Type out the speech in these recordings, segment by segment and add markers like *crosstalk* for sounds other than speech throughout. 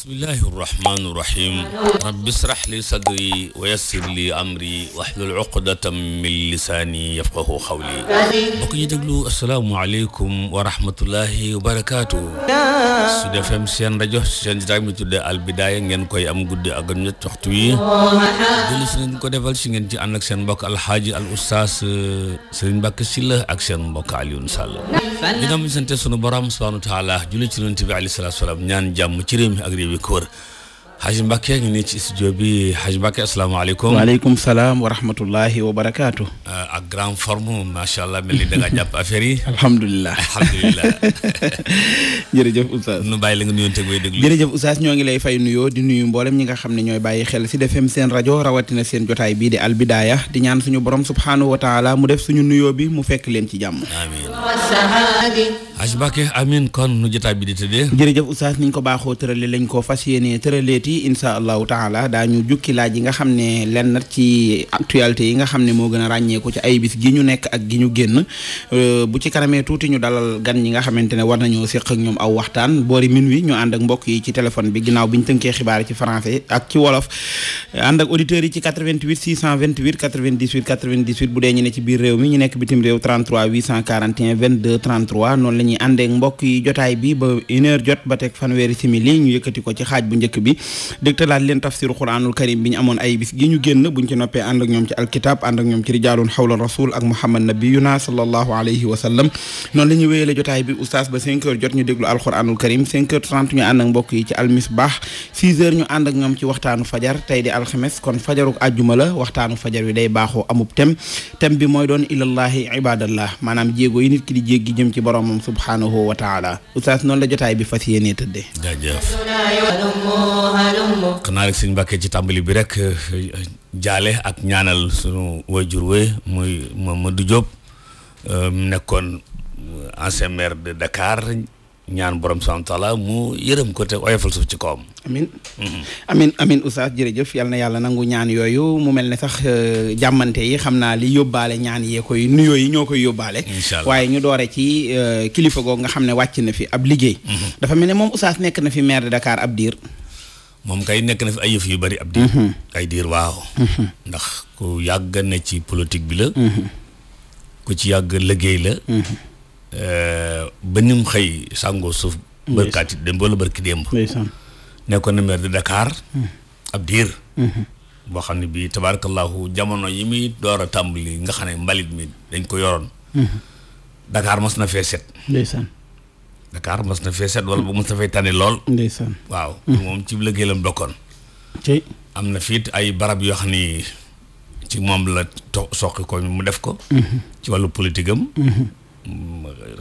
bismillahi irrahmani irrahim rabbi israh li sadri wa yassir li amri wahlul uqdatam min lisaani yafqahu xawli bokk ñu déglu asalaamualeykum wa rahmatullahi wa barakaatu Sud FM seen rajo seen jitaay mi tuddee Al Bidaaya ngeen koy am guddi ak ñett waxtu wi dëllu si nañ ko defal si ngeen ci ànd ak seen mbokk alxaaji al ustaas euh, Sëriñ Mbàkke Sylla ak seen mbokk Alioune Sall ginnaaw mi sante sunu borom subhaanahu wa taala julli ci Yonent bi alayhi salaatu wa salaam ñaan jàmm ci réew mi ak réew bi ko wër Haji ñu nii ci studio bi Haji Mbacke asalaamaaleykum. waaleykum salaam wa rahmatullahi wa barakaatu. Euh, ak grande forme allah mel ni da ngaa jàpp affaire yi. alhamdulilah alhamdulilah. *laughs* jërëjëf Oustaz. nu bàyyi la nga nuyoonteeg way déglu. jërëjëf ñoo ngi lay fay nuyoo di nuyu mboolem ñi nga xam ne ñooy bàyyi xel si defem seen rajo rawatina seen jotaay bii di albidaaya di ñaan suñu borom subhaanahu wa taala mu def suñu nuyoo bi mu fekk leen ci jàmm. aj Mbàkke amin kon nu jotaay bi di tëddee jërëjëf oustaz niñ ko baaxoo tërale lañ ko fas yéene tëraleeti insha allahu taala daañu jukki laaj yi nga xam ne lenn ci actualité yi nga xam ne moo gën a ràññeeku ci ay bis gi ñu nekk ak gi ñu génn euh, bu ci kanamee tuuti ñu dalal gan ñi nga xamante ne war nañoo séq ak ñoom aw waxtaan boori min wi ñu ànd ak mbokk yi ci téléphone bi ginnaaw bi ñu tënkee xibaar ci français ak ci wolof ànd ak auditeurs yi ci 88 ñu ne ci biir réew mi ñu nekk bitim réew 33 ñuy mbokk yi jotaay bi ba une jot ba fanweeri simili ñu yëkkati ko ci xaaj bu njëkk bi dëgtalaat leen tafsiru quranul karim bi ñu amoon ay gi ñu génn buñ ci noppee ànd ñoom ci alkitab ànd ñoom ci rijaalun xawla rasul ak muhammad nabiyuna sallallahu alayhi wa sallam noonu la ñuy wéyale jotaay bi oustaz ba 5 jot ñu déglu alquranul karim 5 heures ñu ànd mbokk yi ci almisbah 6 heures ñu ànd ñoom ci waxtaanu subhaanahu wa taala oustaz la jotaay bi fas yéenee tëddee jaajëf xanaa rek suñ mbàkkee ci tàmbali bi rek jaale ak ñaanal sunu wayjur we muy Mamadou Diop euh, nekkoon ancien maire de Dakar ñaan borom subhaanahu wa mu yërëm ko te oyofal suuf ci kawam amin mhm. amin amin oustaz jërëjëf yal na yàlla nangu ñaan yooyu mu mel ne sax euh, jàmmante yi xam naa li yóbbaale ñaan yee koy nuyoo yi ñoo koy yóbbaale waaye ñu doore ci euh, kilifa googu nga xam ne wàcc na fi ab liggéey mhm. dafa mel ne moom oustaz nekk na fi maire de Dakar ab diir moom kay nekk na fi ay yëf yu bari ab diir kay mhm. diir waaw ndax ku yàgg ne ci politique bi la ku ci yàgg liggéey la euh, ba ni xëy sàngoo suuf bërkaati démb wala bërki démb nekkoon na maire de Dakar. Mm-hmm. ab diir. Mm-hmm. boo xam ne bii tabaarakallahu jamono yi muy door a tàmbali nga xam ne mbalit mi dañ ko yoroon. Mm-hmm. dakaar mos na fee set. ndeysaan. Dakar na fee set wala bu mos na fee tane lool. waaw. moom ci liggéeyam dokkoon. ci am na fiit ay barab yoo xam ne ci moom la soqi ko mu def ko. ci wàllu politique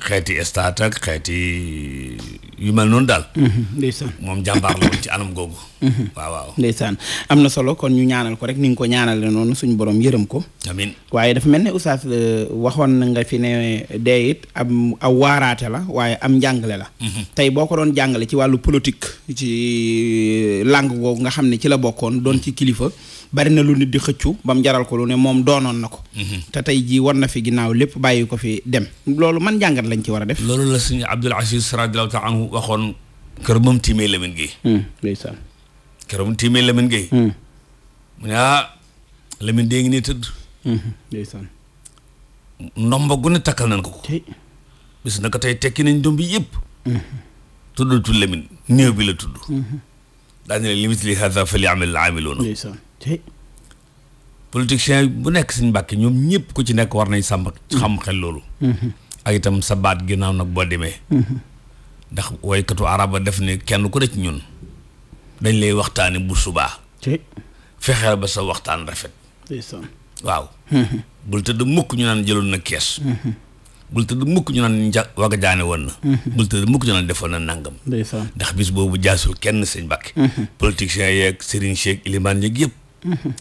xeeti stade xeeti yu mel noonu daal. Mhm, moom jàmbaar la ci anam googu. Mhm. waaw waaw am na solo kon ñu ñaanal ko rek ni nga ko ñaanale noonu suñu boroom yërëm ko. tamit waaye dafa mel ne oustaz euh, waxoon na nga fi ne dee it am aw waaraate la waaye am njàngale la. Mhm. tey boo ko doon jàngale ci wàllu politique ci langue googu nga xam ne ci la bokkoon doon ci kilifa. bari na lu nit di xëccu ba mu jaral ko lu ne moom doonoon na ko. Mhm. te tey jii war na fi ginnaaw lépp bàyyi ko fi dem loolu man jàngat lañ ci war a def. loolu la suñu Abdul Aziz radiyallahu ta'ala anhu waxoon. kër moom tiimee Lamine Gueye. Hmm, ndeysaan. kër moom tiimee Lamine Gueye. Hmm. mu ne ah Lamine dee ngi nii tëdd. Hmm, ndeysaan. ndomba gu takkal nañ ko ko. bis na tey tekki nañ doom bi yëpp. tu lemin Lamine néew bi la tudd. daañu ne li hada fa li amal la amiloon. politicien bu nekk suñu mbàkk ñoom ñëpp ku ci nekk war nañ sàmm mm-hmm. xam xel loolu. Mm-hmm. ak itam sa baat ginnaaw nag boo demee. Mm-hmm. ndax woykatu araba def ne kenn ku ne ci ñun dañ lay waxtaanee bu subaa. fexeel ba sa waxtaan rafet. waaw. bul tëdd mukk ñu naan jëloon na kees. bul tëdd mukk ñu naan ja waga woon na. bul tëdd mukk ñu naan defoon na nangam. ndax bis boobu jaasul kenn sëñ Mbàkke. politiciens yeeg sëriñ Cheikh Ilimaan yeeg yëpp.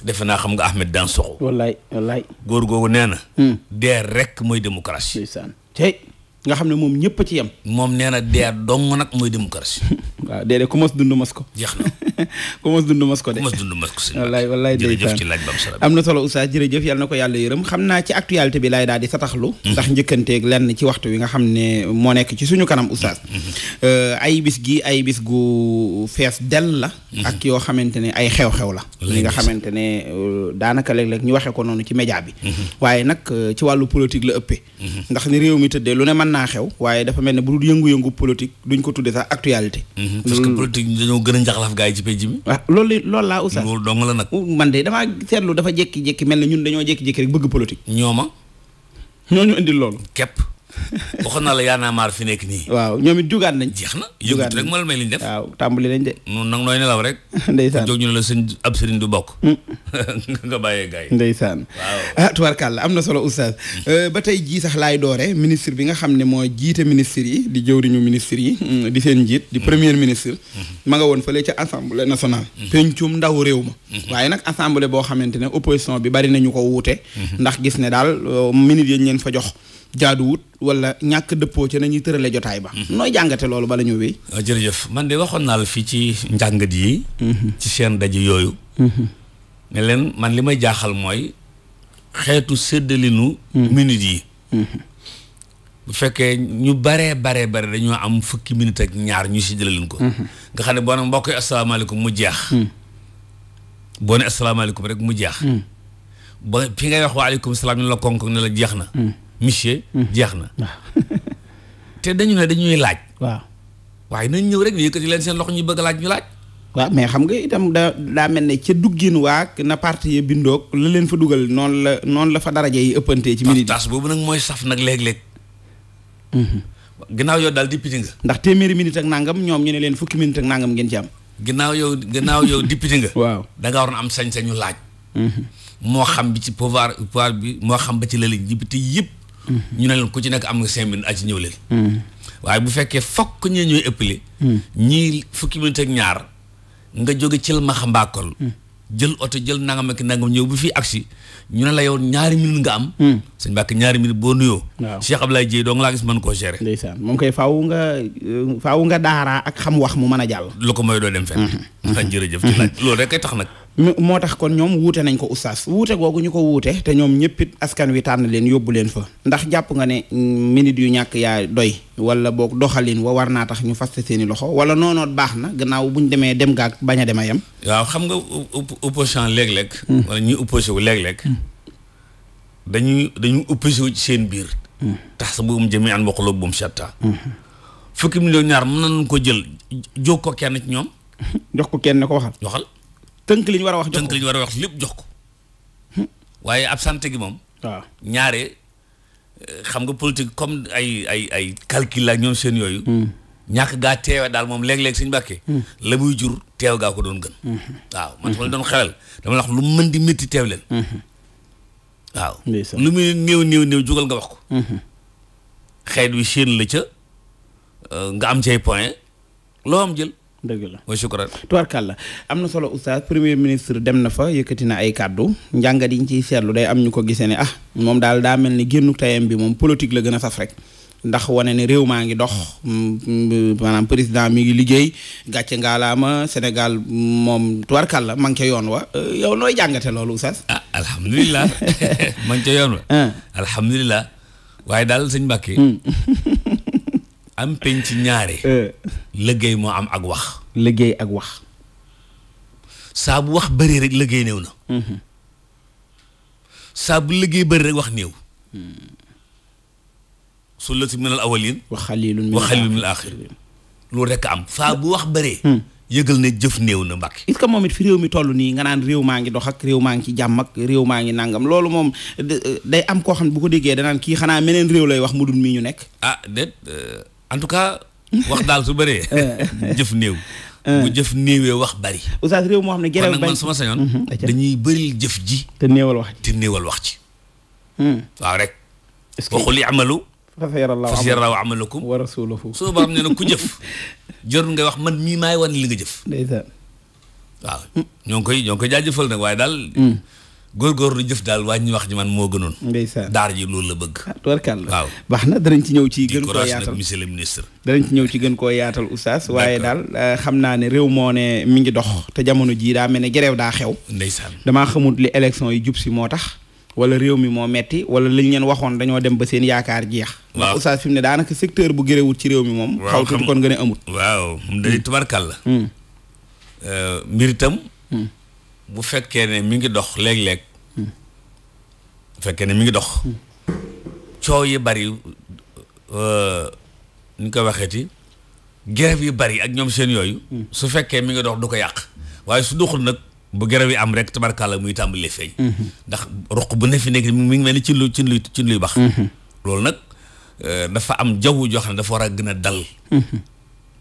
defe naa xam nga Ahmed Dansokho wallaay wallaay góor googu nee na. Hmm. deer rek mooy démocratie. ndeysaan tey. nga xam ne moom ñëpp a ci yem. moom nee na dee dong nag mooy démocratie. *laughs* waaw dee de ku mos dund mos ko. jeex na *laughs* ku mos dund mas ko de. ku mos dund mos ko sëñ wallaay wallaay jërëjëf ci laaj solo am na solo Oustaz na ko yàlla yërëm xam naa ci actualité laay daal di sataxlu. Mhm. ndax njëkkanteeg lenn ci waxtu wi nga xam ne moo nekk ci suñu kanam Oustaz. Mhm. Mhm. Euh, ay bis gi ay bis gu fees dell la. ak yoo xamante ne ay xew-xew la. nga xamante ne euh, daanaka léeg-léeg ñu waxee ko noonu ci média bi. waaye nag euh, ci wàllu politique la ëppee. ndax ni réew mi tëddee lu ne man mën naa xew waaye dafa mel ne bu dul yëngu-yëngu politique duñ ko tuddee sax actualité. Mm-hmm. parce que politique dañoo gën a njaxlaf gars yi ci pénc bi. Ah, loolu loolu laa oustaz. loolu dong nag. man de damaa seetlu dafa jékki-jékki mel ne ñun dañoo jékki-jékki rek bëgg politique. ñooma. ñoo ñu indil loolu. képp. *laughs* waxoon naa la yaa naa maar fi nekk nii. waaw ñoom it jugaat nañ. jeex na yëgut rek ma la li def. tàmbali nañ de. noonu nag nooy nelaw rek. *laughs* ndeysaan jóg ñu ne la sëñ ab sëriñ du bokk. Mm. *laughs* nga bàyyee gars yi. ndeysaan waaw ah tubarkàlla am na solo oustaz. Mm. Euh, ba tey jii sax laay doore ministre bi nga xam ne moo jiite ministre yi di jëwriñu ministre yi mm, di seen njiit di premier ministre. Mm-hmm. ma nga woon fële ca assemblée nationale. Mm-hmm. pencum ndaw réew ma. Mm-hmm. waaye nag assemblée boo xamante ne opposition bi bari nañu ko wuute. ndax gis ne daal euh, minute yi ñu leen fa jox jaaduwut wala ñàkk dëppoo ci nañuy tërale jotaay ba. Mhm. nooy jàngate loolu bala ñu wéy. Euh, jërëjëf man de waxoon naa la fii ci njàngat yi. Mhm. ci seen daje yooyu. Mhm. ne leen man li may jaaxal mooy xeetu séddalinu. minutes yi. bu fekkee ñu baree baree bare dañoo am fukki minute ak ñaar ñu si jëlalin ko. nga xam ne boo nee mbokk yi asalaamaaleykum mu jeex. boo nee asalaamaaleykum rek mu jeex. ba fi ngay wax waaleykum salaam ñu la konk ne la jeex na. monsieur. Mm-hmm. jeex na. *laughs* te dañu ne dañuy laaj. waaw waaye nañ ñëw rek yëkkati leen seen loxo ñu bëgg laaj ñu laaj. waaw mais xam nga itam da daa mel ne ca duggin waa na parti ya bindoog la leen fa dugal noonu la noonu la fa daraja yi ëppantee ci minute tas boobu nag mooy saf nag léeg-léeg. Mm-hmm. ginnaaw daal député nga. ndax téeméeri minute ak nangam ñoom ñu ne leen fukki minute nangam ngeen ci am. ginnaaw yow ginnaaw yow député nga. *laughs* waaw da nga am sañ-sañu laaj. Mm-hmm. moo xam bi ci pouvoir pouvoir bi moo xam ba ci lële député yëpp. ñu ne leen ku ci nekk am nga cinq minutes ñëw leen hmm. waaye bu fekkee fokk ñee ñooy ëppale hmm. ñii fukki minute ak ñaar nga jóge cil maxa mbaakol hmm. oto jël nangam ak ñëw bu fii agsi ñu ne la yoon ñaari minute nga am sëñ Mbàkke ñaari minute boo nuyoo waaw Cheikh Ablaye Dieye doo nga laa gis mën koo gérer ndeysaan moom koy faaw nga faaw nga daaraa ak xam wax mu mën a jàll lu ko mooy doo dem fenn *laughs* jërëjëf loolu rek ay tax nag moo tax kon ñoom wuute nañ ko oustaz wuute googu ñu ko wuute te ñoom ñëppit askan wi tànn leen yóbbu leen fa ndax jàpp nga ne mm, minute yu ñàkk yaa doy wala boog doxalin wa war naa tax ñu faste seeni loxo wala noonoot baax na gannaaw bu ñu demee dem gaag bañ a dema a waaw xam nga opposition léeg-léeg hmm. wala ñuy opposé wu léeg-léeg hmm. dañuy dañuy wu ci seen biir hmm. tax sa buum jëmee an waxuloo buum shatta fukki million ñaar mën nañ ko jël jóg ko kenn ci ñoom *laughs* jox ko kenn ko waxal waxal tënk li war a wax jox ko tënk a wax lépp jox ko. Hmm? waaye absenté gi moom. waaw ñaare xam nga politique comme ay ay ay calcul la ñoom seen yooyu. Hmm. ñàkk gaa teewe daal moom léeg-léeg suñu bàkkee. Hmm. la muy jur teew gaa ko doon gën. waaw man su ma doon xelal dama wax lu di métti teew leen. waaw lu muy néew néew néew jugal nga wax ko. xeet wi séen la ca nga am cay point loo am jël. dëgg la wa shukran tubarkàlla am na solo oustaz premier ministre dem na fa yëkkati na ay kàddu njàngat yi ñu ciy seetlu day am ñu ko gisee ni ah moom daal daa mel ni génnu tayam bi moom politique la gën a saf rek ndax wane ne réew maa ngi dox maanaam président mi ngi liggéey gàcce ngaalaama Sénégal moom tubarkàlla ma ngi ca yoon wa euh, yow nooy jàngate loolu oustaz ah alhamdulilah *laughs* ma ngi ca yoon wa ah. alhamdulilah waaye daal sëñ Mbàkke hmm. *laughs* am penc ci ñaare. Euh. liggéey moo am ak wax. liggéey ak wax. saa bu wax bëree rek liggéey néew na. Mm-hmm. saa bu liggéey bëri rek wax néew. Mm-hmm. sullatun minal awwaliin. wa xaliilun minal aaxiriin loolu rek am saa bu wax bëree. Mm. yëgal na jëf néew na Mbàkke est-ce moom it fi réew mi toll nii nga naan réew maa ngi dox ak réew maa ngi ci jàmm ak réew maa ngi nangam loolu moom euh, day am koo xam ne bu ko déggee danaan kii xanaa meneen réew lay wax mu dul mii ñu nekk. Ah, euh, en tout cas wax daal su baree *laughs* eh. jëf néew eh. jëf néewee wax bari oustaz réew moo xam ne gerew man sama sañoon mhm. dañuy bëril jëf ji te néewal wax te néewal wax ci hmm. waaw rek waxul i'malu fasayarallahu amalakum wa rasuluhu soo borom nee na ku jëf *laughs* jorul ngay wax man mii maay wan li nga jëf ndeysaan waaw ñoo ngi koy ñoo ngi koy nag waaye daal hmm. góor góor góorgóorlu jëf daal wàññi wax ji man moo gënoon. ndeysaan daar ji loolu la bëgg. Ah, tubarkàlla waaw baax na danañ ci ñëw ci. gën koo yaatal monsieur le ministre. danañ ci ñëw ci gën koo yaatal oustaz. waaye daal euh, xam naa ne réew moo ne mi ngi dox te jamono jii daa mel ne gereew daa xew. ndeysaan damaa xamut li élection yi jub si moo tax. wala réew mi moo metti wala liñ leen waxoon dañoo dem ba seen yaakaar jeex. waaw oustaz fi mu ne daanaka secteur bu gërewut ci réew mi moom. waaw xaw tuuti kon gën a amut. waaw day hmm. tubarkàlla. Hmm. Euh, mbir itam. Hmm. bu fekkee ne mi ngi dox léeg-léeg bu fekkee ne mi ngi dox coow yi bari euh, ñu ko waxeeti grève yi bari ak ñoom seen yooyu su fekkee mi ngi dox du ko yàq waaye su doxul nag bu grève yi am rek tabarkàlla muy tàmbalee feeñ ndax ruq bu ne fi nekk mi ngi mel ni ci lu ci luy ci luy bax loolu nag euh, dafa am jaw joo xam ne dafa war a gën a dal mm-hmm.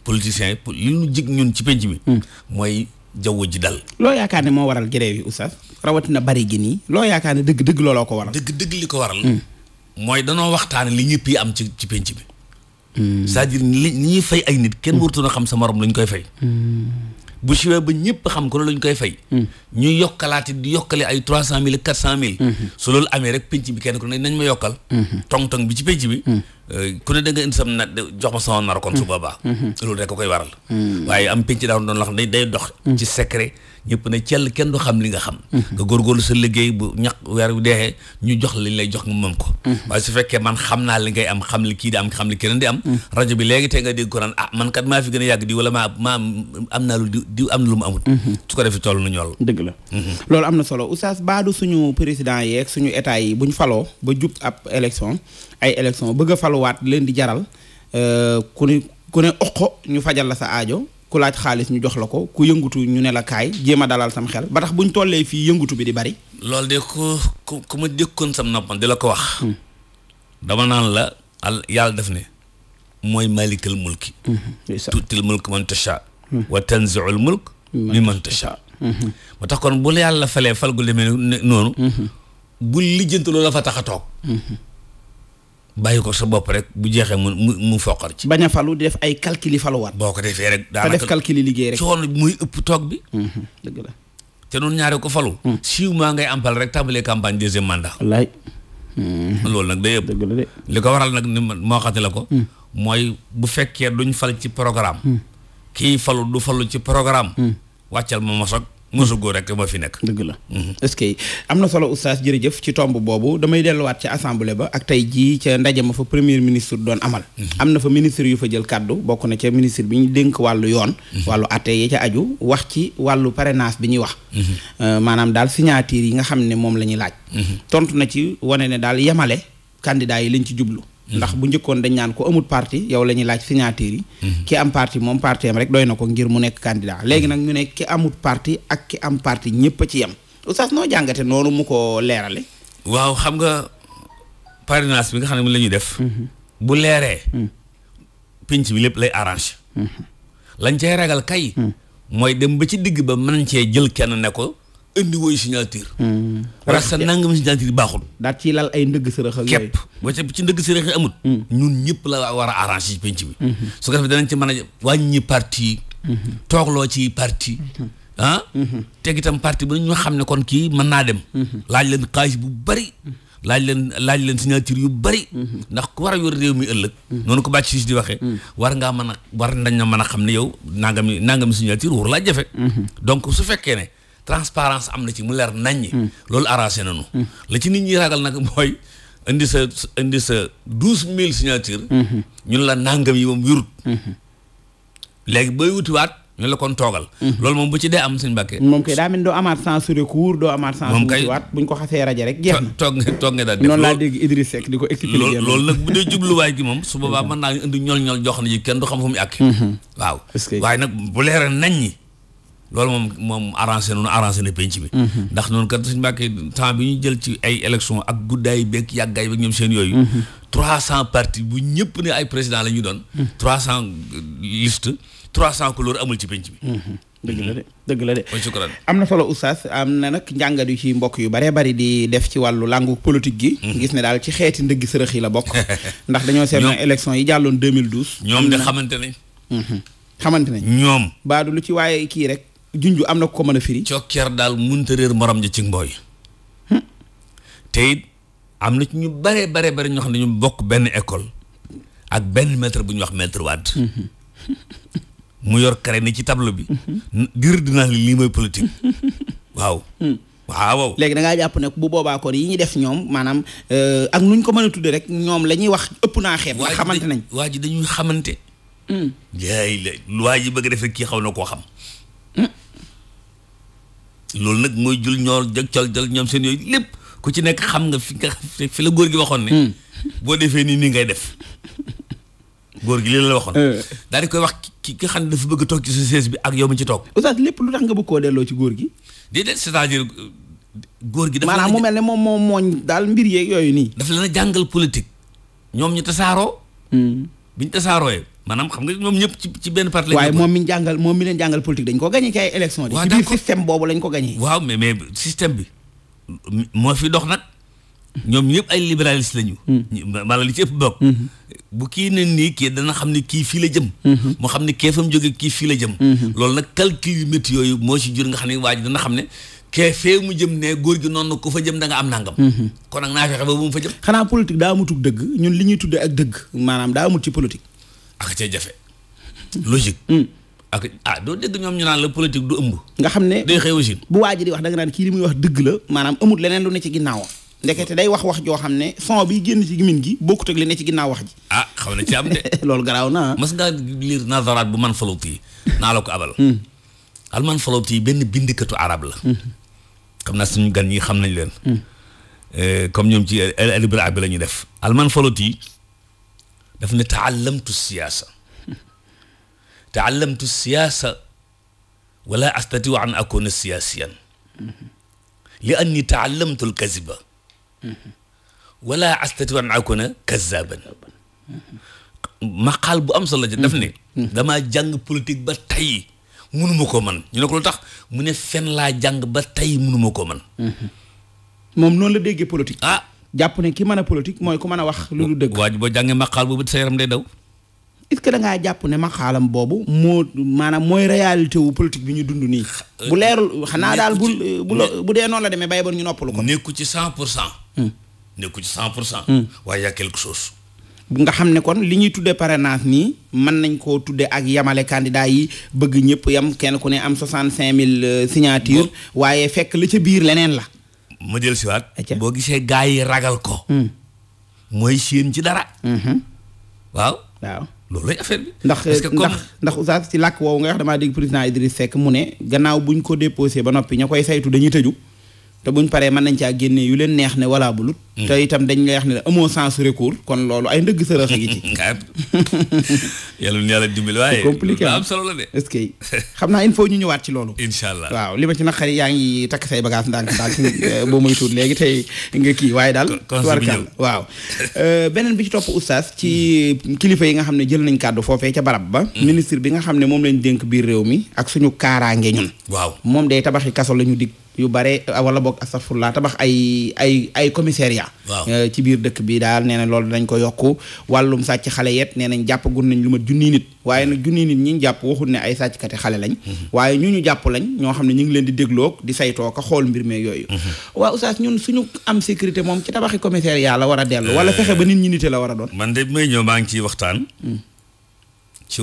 politiciens yi li jig ñun ci penc bi mm. mooy jaww ji dal. loo yaakaar ne moo waral grève yi oustaz rawatina bari gi nii loo yaakaar ne dëgg dëgg looloo ko waral. dëgg dëgg li ko waral. Hmm. mooy danoo waxtaan li ñëpp yi am ci ci penc bi. Hmm. c'est-à-dire li ñuy fay ay nit. kenn hmm. waratu na xam sa morom lañ koy fay. bu siwee ba ñëpp xam ko ne lañ koy fay. Hmm. ñu yokkalaati di yokkale ay trois cent mille quatre cent mille. Hmm. su loolu amee rek penc bi kenn ku ne nañ ma yokkal. Hmm. tong tong bi ci penc bi. Eh, ku ne da nga indi sam na jox ma sama nar kon su boobaa. loolu rek ko koy waral. waaye am penc daaw doon loo xam ne day dox. ci secret. ñëpp ne cell kenn du xam li nga xam mhm. nga góorgóorlu sa liggéey bu ñaq weer bu deexee ñu jox lañ lay jox nga moom ko mhm. waaye su fekkee man xam naa li ngay am xam li kii di am xam li keneen di am mhm. rajo bi léegi tey nga dégg ko naan ah man kat yàgg di wala maa am naa lu di am lu mu amut su ko defee toll na ñool dëgg la loolu am na solo oustaz baadu suñu président yee suñu état yi buñ faloo ba jub ab élection ay élection bëgg a faluwaat leen di jaral euh, ku ne ku ne oqo ñu fajal la sa aajo ku laaj xaalis ñu jox la ko ku yëngutu ñu ne la kaay jéem dalal sam xel ba tax ñu tollee fii yëngutu bi di bari loolu de ku ku ku ma dëkkoon sam noppam di la ko wax hmm. dama naan la al yàlla def ne mooy malikal mulki hmm, tuutil mulk man tasha hmm. wa tanziul mulk mi tax kon bu la yàlla falee fal gu demee noonu bul lijjanti la fa tax a toog bàyyi ko sa bopp rek bu jeexee mu mu mu foqar ci. bañ a falu di def ay calcul yi faluwaat. boo ko defee rek. daanaka te def calcul yi liggéey rek. coono muy ëpp toog bi. Mhm, te noonu ñaare ko falu. Mhm. siiw maa ngay ampal rek tàmbalee campagne deuxième mandat. wallaay. Mhm. loolu nag day ëpp. la li ko waral nag ni moo xati la ko. mooy bu fekkee duñ fal ci programme. kii falu du falu ci programme. wàccal ma mosog. musu góor rek ma fi nekk. dëgg la. Mhm. est-ce que am na solo oustaz jëf ci tomb boobu damay delluwaat ca assemblée ba ak tey ji ca ndaje ma fa premier ministre doon amal. Mhm. am na fa ministre yu fa jël kàddu bokk na ca ministre bi ñu dénk wàllu yoon. Mhm. wàllu atte yi ca aju wax ci wàllu parrainage bi ñuy wax. Euh, maanaam daal signature yi nga xam ne moom la ñuy laaj. tontu na ci wane ne daal yemale candidat yi lañ ci jublu. ndax bu njëkkoon dañ naan ko amul parti yow la ñuy laaj signature yi mhm. ki am parti moom parti am rek doy na ko ngir mu nekk candidat léegi mhm. nag ñu ne ki amul parti ak ki am parti ñëpp a ci yem oustaz noo jàngate noonu mu ko leerale waaw xam nga parrainage bi nga xam ne mu la ñuy def mhm. bu leeree pinc bi lépp lay arrange lañ cay ragal kay mooy dem ba ci digg ba nañ cee jël kenn ne ko indi woy signature. wala hmm. sa nangam signature baaxul. ndax ci lal ay ndëgg sërëx ak yooyu képp ci ndëgg sërëx yi amul. Hmm. ñun ñëpp la war a arrangé ci penc bi. Hmm. su ko defee danañ ci mën a wàññi parti toogloo ci parti ah. parti bu ñu xam ne kon kii mën naa dem. laaj leen xaalis bu bari. laaj leen laaj leen signature yu bari. ndax ku war a yor réew mi ëllëg. noonu ko bàcc si waxee. war ngaa mën a war nañ na mën a xam ne yow nangami nangami signature wóor laa jafe. donc su fekkee ne. transparence am na ci mu leer naññi hmm. loolu arrangé nañu hmm. la ci nit ñi ragal nag mooy indi sa indi sa douze mille signature hmm. ñun la nàngam yi moom yurut léegi bay wutiwaat ñu la kon toogal loolu moom bu ci dee am suñ mbàkkee moom kay daa mel doo amaat sans recours doo buñ ko xasee rajo rek jeex na toog nga toog nga daal def noonu laa di ko expliquer loolu nag bu dee *laughs* jubluwaay gi moom su boobaa mën naa indi ñol ñol jox na ji kenn du xam fu mu àkk waaw waaye nag bu leeral nañ ñi loolu moom moom arrangé noonu arrangé na penc bi mhm. ndax noonu kat suñu mbàkkee temps bi ñu jël ci ay élection ak guddaay beeg yàggaay beeg ñoom seen yooyu mhm. trois cent parti bu ñëpp ne ay président la ñu doon mhm. trois cent liste trois cent couleur amul ci penc bi dëgg la de dëgg la de shukran am na solo oustaz am na nag njàngat yu ci mbokk yu baree bari di def ci wàllu làngu politique gi gis ne daal ci xeeti ndëgg sërëx yi la bokk *laughs* ndax dañoo seet na yi jàlloon 2012 ñoom de xamante nañ xamante nañ ñoom kii rek junj am na ko ko mën a firi. cokkeer daal munta réer morom ja ci mbooy. te it am na ci ñu bare bare bare ñoo xam ne ñu bokk benn école ak benn maître bu ñuy wax maître Wade. yor kare ni ci tableau bi. dir dinaa li lii mooy waaw. waaw léegi da ngaa jàpp ne bu boobaa kon yi ñu def ñoom maanaam euh, ak nuñ ko mën a tuddee rek ñoom la ñuy wax ëpp naa xeeb. waa xamante nañ waa ji dañuy xamante. yaay la waa ji bëgg def rek kii xaw na koo xam. loolu nag mooy jul ñoor jag col jal ñoom seen yooyu lépp ku ci nekk xam nga fi nga la góor gi waxoon ne hmm. boo defee nii nii ngay def góor gi lii la waxoon hmm. daal di wax ki nga xam ne dafa bëgg a toog ci bi ak yow mi ci toog oustaz lépp lu tax nga bëgg koo delloo ci góor gi déedéet c'est-à-dire euh, góor gi dafa maanaam mu mel ne moom moom mooñ daal mbir yeeg yooyu nii dafa leen a jàngal politique ñoom ñu tasaaroo hmm. biñ tasaarooyee maanaam xam nga ñoom ñëpp ci ci benn parti. waaye moom mi ñu jàngal moom mi ko gagné ci ay élections. waaw ci biir système boobu lañ ko gagné. waaw mais mais système bi moo fi dox nag ñoom ñëpp ay libéraliste lañu. wala hmm. li ci ëpp bokk. Hmm. bu kii ne nii kii dana xam ne kii fii la jëm. Hmm. mu xam ne kee fa mu kii fii la jëm. loolu nag calcul yu métti yooyu moo ci jur nga xam ne waa ji dana xam ne. kee fee mu jëm ne góor gi noonu ku fa jëm danga nga am nangam. kon nag naa fexe ba mu fa jëm. xanaa politique daa amatul dëgg ñun li ak dëgg maanaam daa amut ci politique. ak ca jafe logique hmm. ak ah doo dégg ñoom ñu naan la politique du ëmb nga xam ne day xëy aussi bu waa ji wax da naan kii li muy wax dëgg la maanaam amul leneen lu ne ci ginnaaw ndekete day wax wax joo xam ne son bi génn ci gémmiñ gi bokkut ak li ne ci ginnaaw wax ji ah xam na ci am de *laughs* loolu garaaw naa mas liir nazaraat bu man falowt yi naa la ko abal hmm. al man falowt yi benn bindikatu arab la hmm. xam naa suñu gan ñi xam nañ leen eh, comme ñoom ci alibra bi la ñuy def al man falowt yi daf ne taallamtu siyaasa taallamtu siyaasa wala astati an akuna siyaasiyan li anni taallamtu alkaziba wala astati an akuna kazaban maqaal bu am solo la daf ne damaa jàng politique ba tey munuma ko man ñu ne ko lu tax mu ne fen laa jàng ba tey munuma ko man moom noonu la déggee politique ah jàpp ne ki mën a politique mooy ku mën a wax lu du dëgg. waaj boo jàngee maqaal boobu sa yaram day daw. est ngaa jàpp ne maqaalam boobu moo maanaam mooy réalité wu politique bi ñu dund nii. bu leerul xanaa daal bu bu bu dee noon la demee bay ba ñu noppalu ko. nekku ci 100 pour cent. Hmm. nekku ci 100 pour cent. Hmm. waaye y a quelque chose. nga xam ne kon li ñuy tuddee parrainage nii mën nañ koo tuddee ak yamale kandidaa yi bëgg ñëpp yam kenn ku ne am cinq 65000 signature waaye fekk la ca biir leneen la. ma jël siwaat boo gisee gaa yi ragal ko hmm. mooy séen ci dara hmm. waaw waaw loolu lay affaire bi ndax ndax ndax oustaz ci làkk woowu nga wax damaa dégg président Idriss Seck mu ne gannaaw buñ ko déposé ba noppi ña koy saytu dañuy tëju te buñ paree man nañ caa génne yu leen neex ne wala bulut mm. te itam dañ lay wax ne amoo sens recours kon loolu ay ndëgg sërëx a ngi ci. *laughs* *laughs* na yàlla dimbali waaye. am solo la *laughs* xam naa il faut ñu ñëwaat ci loolu. incha allah waaw li ma ci naqari yaa ngi takk say bagage ndànk ndànk eh, boo muy tuut léegi tey nga kii waaye daal. tubarkal waaw. Euh, beneen bi ci topp oustaz ci kilifa yi nga xam ne jël nañ kàddu foofee ca barab ba. Mm. ministre bi nga xam ne moom lañ dénk biir réew mi ak suñu kaaraange ñun. waaw moom day tabaxi kaso la ñu dig yu bare wala boog astafurlaa tabax ay ay ay commissariat euh, ci biir dëkk bii daal nee na loolu dañ ko yokk wàllum sàcc xale yet nee nañ jàpp gun nañ lu ma junniy nit waaye nag junni nit ñi jàpp waxul ne ay sàcckati xale lañ mhm. waaye ñu ñu jàpp lañ ñoo xam ne ñu ngi leen di dégloo di saytoo ka xool mbir mee yooyu mhm. waaw oustaz ñun suñu am sécurité moom ci tabaxi commissariat la war a dellu wala fexe ba nit ñu nite la war a doon man de may ñëw maa ngi ciy waxtaan mm. ci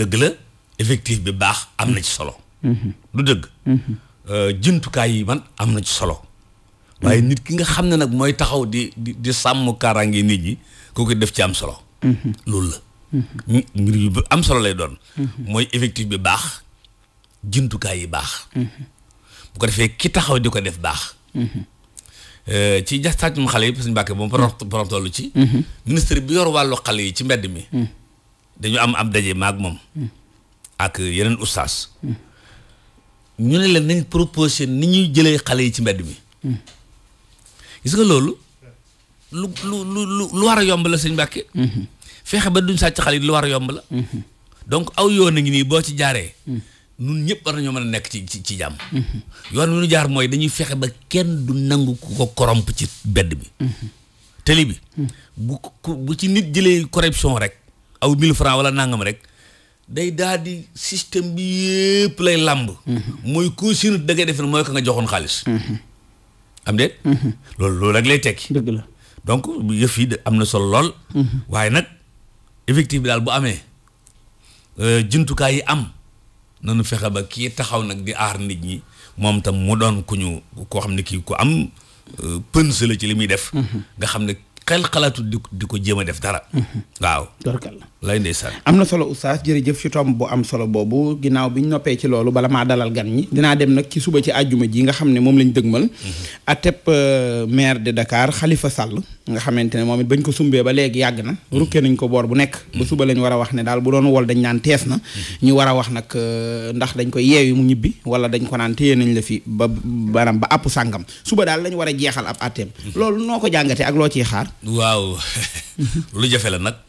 yi mm. effectif bi baax am na ci solo. lu dëgg. Euh, jumtukaay yi man am na ci solo. waaye nit ki nga xam ne nag mooy taxaw di di di sàmm kaaraange nit ñi kooku def ci am solo. loolu la. mbir yu am solo lay doon. mooy effectif bi baax juntukaay yi baax. bu ko defee ki taxaw di ko def baax. Euh, ci ja sàccum xale yi suñu mbàkke moom borom tollu ci. Mhm. ministre bi yor wàllu xale yi ci mbedd mi. Mhm. dañu am am daje maak moom. Mhm. ak yeneen ustaas ñu ne leen nañ proposé ni ñuy jëlee xale yi ci mbedd bi gis nga loolu lu lu lu lu war a yomb la sëñ Mbàkke fexe ba du sàcc xale yi lu war a yomb la donc aw yoon a ngi nii boo ci jaaree nun ñëpp war nañoo mën a nekk ci ci jàmm yoon wi ñu jaar mooy dañuy fexe ba kenn du nangu ku ko koromp ci bedd bi télé bi bu ci nit jëlee corruption rek aw mille francs wala nàngam rek day daal di système bi yëpp lay làmb mm-hmm. mooy ku si da ngay defe ne mooy nga joxoon xaalis mm-hmm. am déet mm-hmm. loolu loolu rek lay tekki dëgg la donc yëf yi am na solo lool waaye nag effectif bi daal bu amee euh, juntukaay yi am na nu fexe ba kii taxaw nag di aar nit ñi moom tam mu doon ku ñu koo xam ne kii ku am euh, pëns la ci li muy def nga xam ne xel xalaatu di di ko jéem a def dara waaw lay ndeysaan am na solo oustaz jërëjëf ci tomb bu am solo boobu ginnaaw bi ñu noppee ci loolu bala maa dalal gan ñi dinaa dem nag ci suba ci àjjuma ji nga xam ne moom lañ dëgmal mhm. atep euh, maire de dakaar xalifa Sall nga xamante ne moom it bañ ko sumbee ba léegi yàgg na mhm. rukkee nañ ko boor bu nekk mhm. ba suba lañ war a wax ne daal bu doon wol dañ naan tees na ñu war a wax nag euh, ndax dañ ko yeewi mu ñibbi wala dañ ko naan téye nañ la fi ba baram ba àpp sàngam suba daal lañ war a jeexal ab atteem loolu noo ko jàngatee ak loo ciy xaar waaw *laughs* lu jafe la nag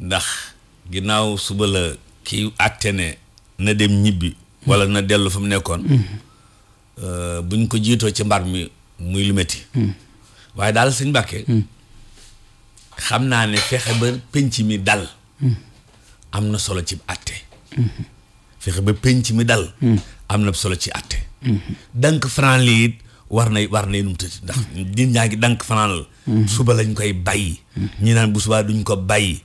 ndax ginnaaw suba la kii àtte ne na dem ñibbi wala na dellu fa mu nekkoon mm-hmm. euh, buñ ko jiitoo ci mbar mi muy lu mm-hmm. waaye daal sëñ Mbàkke mm-hmm. xam naa ne fexe ba penc mi dal am na solo ci àtte fexe ba penc mi dal na solo ci àtte dank fanaan li it war na war nay num tëdd ndax nit ñaa dank fanaan la suba lañ koy bàyyi ñu naan bu subaa duñ ko bàyyi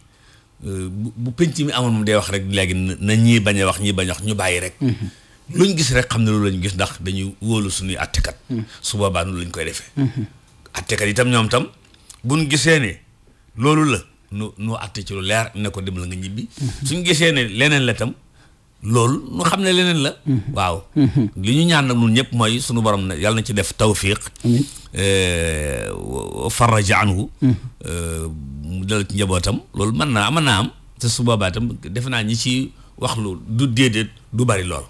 bu bu mi amoon moom day wax rek léegi na ñii bañ a wax ñii bañ wax ñu bàyyi rek. Mhm. luñ gis rek xam ne loolu lañ gis ndax dañuy wóolu suñuy attekat. Mhm. su boobaanu noonu lañ koy defee. yi mhm. tam ñoom tam bu buñ gisee ne loolu la nu nu atte ci lu leer ne ko dem la nga ñibbi. suñ gisee ne leneen la tam. loolu nu xam ne leneen la mm-hmm. waaw mm-hmm. li ñu ñaan nag nun ñëpp mooy sunu borom nag yàlla na ci def tawfiq eh, faraja anhu mm-hmm. eh, mu dal ci njabootam loolu man naa mën naa am te su boobaa itam defe naa ñi ci wax lu du déedéet du bari lool.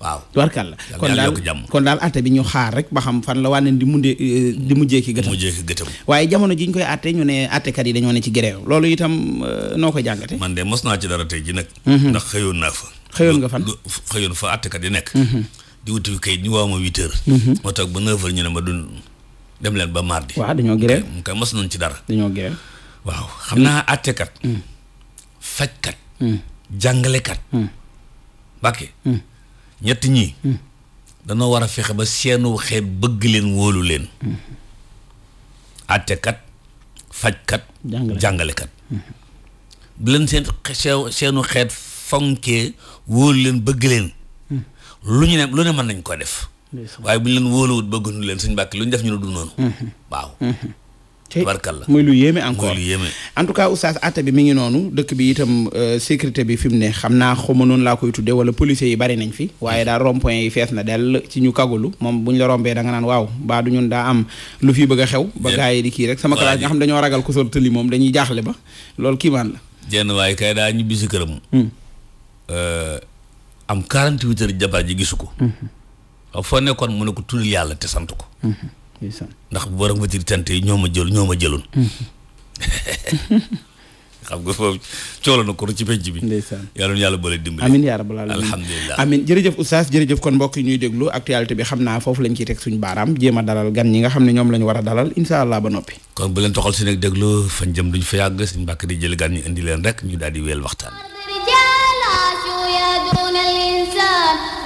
waaw tubarkàlla kon daal kon daal àtte bi ñu xaar rek ba xam fan la wànneen di mundee eh, di mujjee ki gëtam mujjee ki gëtam waaye jamono ji ñu koy àtte ñu ne àttekat yi dañoo ne ci grève loolu itam noo ko jàngate man de mos naa ci dara tey ji nag ndax xëyoon naa fa xëyoon nga fan fa àttekat yi nekk mhm. di wuti kayit ñu waaw ma huit heures ma mhm. ba neuf ñu ne ma dun dem leen ba mardi waaw dañoo grève mu koy mos nañ ci dara dañoo grève waaw xam naa àttekat mm. fajkat mm. jàngalekat mm. mbàkke danoo war a fexe ba seenu xeet bëgg leen wóolu leen àttekat fajkat jàngalekat bu leen seen seenu xeet fonkee wóolu leen bëgg leen hmm. lu ñu ne lu ne mën nañ koo def waaye bu ñu leen wóoluwut nu leen suñ bàkki lu ñu def ñu ne du noonu hmm. waaw hmm. tabarkalla muy lu yéeme encore lu yéeme en tout cas oustaz atta bi mi ngi noonu dëkk bi itam euh, sécurité bi fi mu ne xam naa xawma noonu laa koy tudde wala policiers yi bari nañ fi waaye daal rond point yi fees na dell ci ñu kagulu moom bu ñu la rombee da nga naan waaw baa du ñun daa am lu fi bëgg a xew ba gars yi di kii rek sama classe nga xam dañoo ragal ko sol tëli moom dañuy jaaxle ba loolu kiimaan la jenn waaye daa ñibbi si këram Euh, am 48 heures jabar ji gisu ko. waaw foo nekkoon mu ne ko tuddal yàlla te sant ko. ndax borom wëtiri tant yi ñoo ma jël ñoo ma jëloon. *laughs* xam nga foofu coolo na ko yàlla na yàlla boole dimbali amin yaa rabbal alamin alhamdulilah amin jërëjëf oustaz jërëjëf kon mbokk yi ñuy déglu actualité bi xam naa foofu lañ ciy teg suñu baaraam jéem a dalal gan ñi nga xam ne ñoom la ñu war a dalal incha allah ba noppi kon bu leen toxal si nag déglu fañ jëm duñ fa yàgg suñ mbàkk di jël gan ñu indi leen rek ñu daal di wéel waxtaan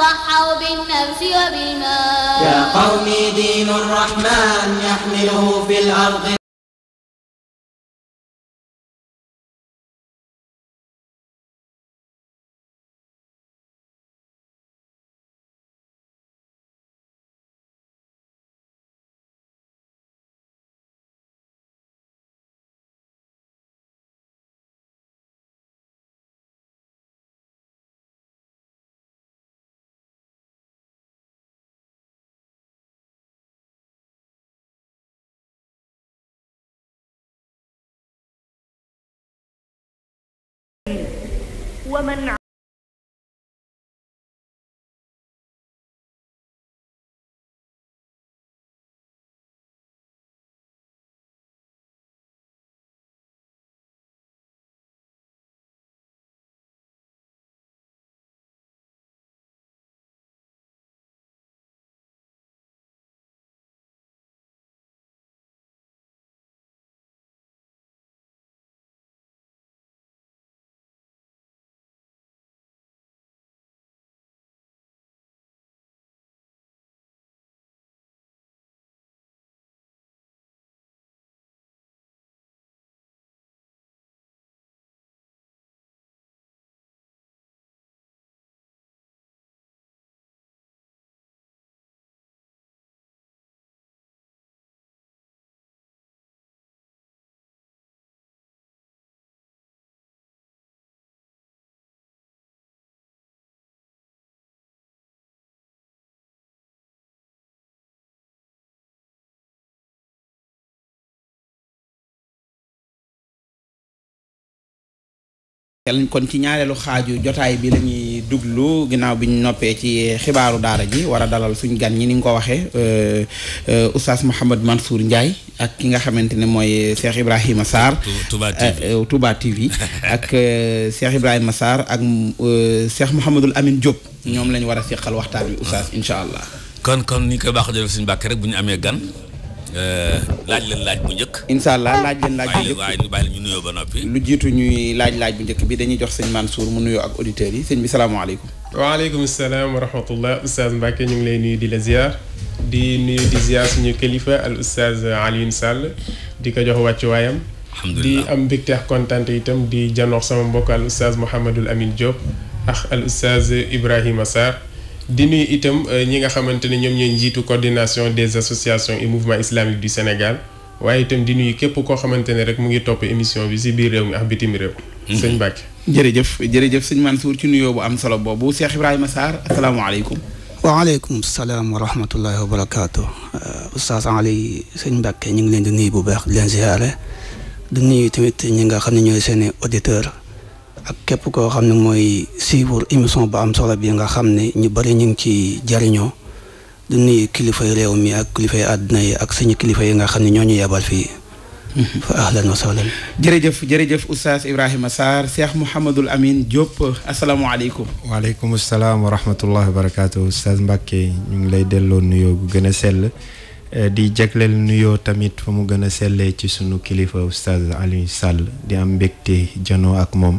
ضحوا بالنفس وبالمال يا قومي دين الرحمن يحمله في الأرض ومن kon ci ñaareelu xaaju jotaay bi la ñuy duglu ginnaaw bi ñu noppee ci xibaaru daara ji war a dalal suñ gan ñi ni nga ko waxee euh, oustaz Mouhamed Mansour Ndiaye ak ki nga xamante ne mooy Cheikh Ibrahima Sarr. Touba euh, TV euh, *laughs* ak Cheikh Ibrahima Sarr ak Cheikh Mouhamadul Amin Diop ñoom lañ ñu war a seqal waxtaan wi oustaz incha allah. kon kon ni ñu koy baax a jëlee suñu bàkk rek bu ñu amee gan. Euh, laaj leen laaj bu njëkk. incha allah laaj leen laaj bu njëkk ba noppi. lu jiitu ñuy laaj laaj bu njëkk bi dañuy jox sëñ Mansour mu nuyoo ak auditeurs yi sëñ bi salaamaaleykum. waaleykum salaam wa rahmatullah oustaz Mbacke ñu ngi lay nuyu di la ziar di nuyu di ziar suñu kilifa al oustaz Alioune Sall di ko jox wàcc waayam di am mbégte ak kontante itam di janoox sama mbokk al oustaz Mouhamadul Amin Diop ak al oustaz Ibrahima Sarr. di nuy itam euh, ñi nga xamante ne ñoom ñooy njiitu coordination des associations et mouvements islamiques du Sénégal waaye itam di nuyu képp koo xamante ne rek mu ngi topp émission bi si biir réew mi ak bitim réew. Mhm. sëñ Mbacke. jërëjëf jërëjëf sëñ Mansour ci nuyoo bu am solo boobu Cheikh Ibrahima saar asalaamaaleykum. waaleykum salaam wa rahmatullahi wa barakaatu. Euh, Oustaz Ali sëñ Mbacke ñu ngi leen di nuyu bu baax di leen ziare di nuyu tamit ñi nga xam ne ñooy seeni auditeur ak képp koo xam ne mooy suivre émission ba am solo bi nga xam ne ñu bari ñu ngi ci jariñoo du kilifa kilifay réew mi ak kilifay àdduna yi ak suñu kilifa yi nga xam ne ñoo ñu yebal fii. Mhm. fa ahlan wa sahlan. jërëjëf jërëjëf oustaz Ibrahima Sarr Cheikh Mouhamadul Amin Diop asalaamualeykum. waaleykum salaam wa rahmatullahi wa barakaatu oustaz Mbacke ñu ngi lay delloo nuyoo bu gën a sell. Eh, di jagleel nuyoo tamit fa mu gën a sellee ci sunu kilifa oustaz di am mbégte janoo moom.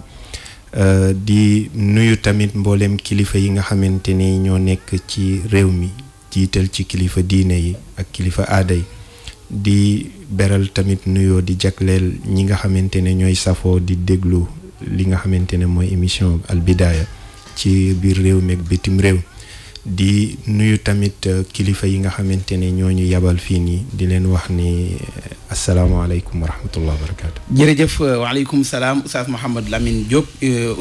Euh, di nuyu tamit mboolem kilifa yi nga xamante ni ñoo nekk ci réew mi jiital ci kilifa diine yi ak kilifa aada yi di beral tamit nuyoo di jagleel ñi nga xamante ne ñooy safoo di déglu li nga xamante ne mooy émission Al ci biir réew mi ak bitim réew di nuyu tamit euh, kilifa yi nga xamante ne ñoo ñu yabal fii nii di leen wax ni euh, asalaamaaleykum wa rahmatullah wa barakaatu. jërëjëf euh, waaleykum salaam Oustaz Mouhamed Lamine Diop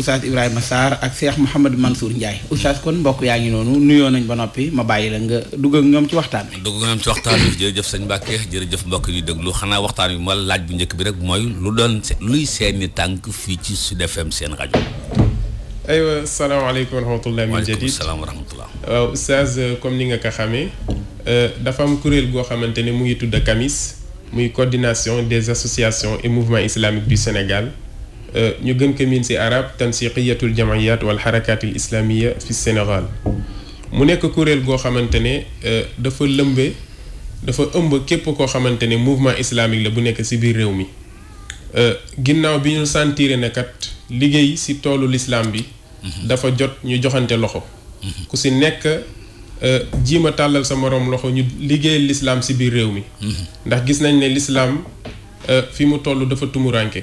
Oustaz Ibrahima Sarr ak Cheikh Mouhamed Mansour Ndiaye Oustaz kon mbokk yaa ngi noonu nuyoo nañ ba noppi ma bàyyi la nga dugg ak ñoom ci waxtaan bi. dugg ak ñoom ci waxtaan bi jërëjëf sëñ Mbacke jërëjëf mbokk yi déglu xanaa waxtaan bi ma laaj bu njëkk bi rek mooy lu doon luy seeni tànk fii ci Sud seen rajo. ay salaamaaleykum wa rahmatulah. min jadid comme ni nga ko xamee euh, dafa am kuréel goo xamante ne mu ngi tudd kamis muy coordination des associations et mouvements islamiques du Sénégal euh, ñu gën ko miin ci arab tansiqiyatul jamaiyat wal xarakatul islamiya fi Sénégal mu nekk kuréel goo xamante ne euh, dafa lëmbe dafa ëmb képp koo xamante ne mouvement islamique la bu nekk ci biir réew mi. Euh, ginnaaw bi ñu sentir ne liggéey si toolu lislaam bi. Mhm. dafa jot ñu joxante loxo. Mhm. ku si nekk euh, jiima tàllal sa moroom loxo ñu liggéey lislaam si biir réew mi. Mhm. ndax gis nañ ne lislaam euh, fi mu toll dafa tumuranke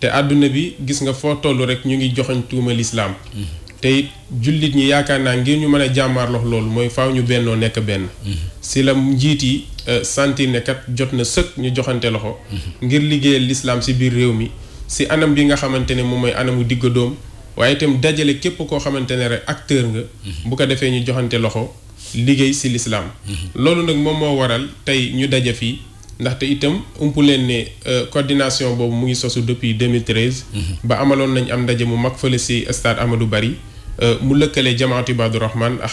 te àdduna bi gis nga foo toll rek ñu ngi joxañ tuuma lislaam tey it jullit ñi yaakaar naa ngir ñu mën a jàmmaarloo loolu mooy faw ñu bennoo nekk benn. Mm-hmm. si la njiit yi euh, sentir ne kat jot na sëkk ñu joxante loxo. Mm-hmm. ngir liggéeyal lislaam si biir réew mi si anam bi nga xamante ne moom mooy anamu digg doom waaye itam dajale képp koo xamante ne rek acteur nga. Mm-hmm. bu ko defee ñu joxante loxo liggéey si lislaam loolu nag moom moo waral tey ñu daje fii. ndaxte itam ump leen ne euh, coordination boobu mu ngi sosu depuis 2013. ba amaloon nañ am ndaje mu mag fële si stade Amadou bari Euh, mu lëkkale jamaat Ibadu Rahman ak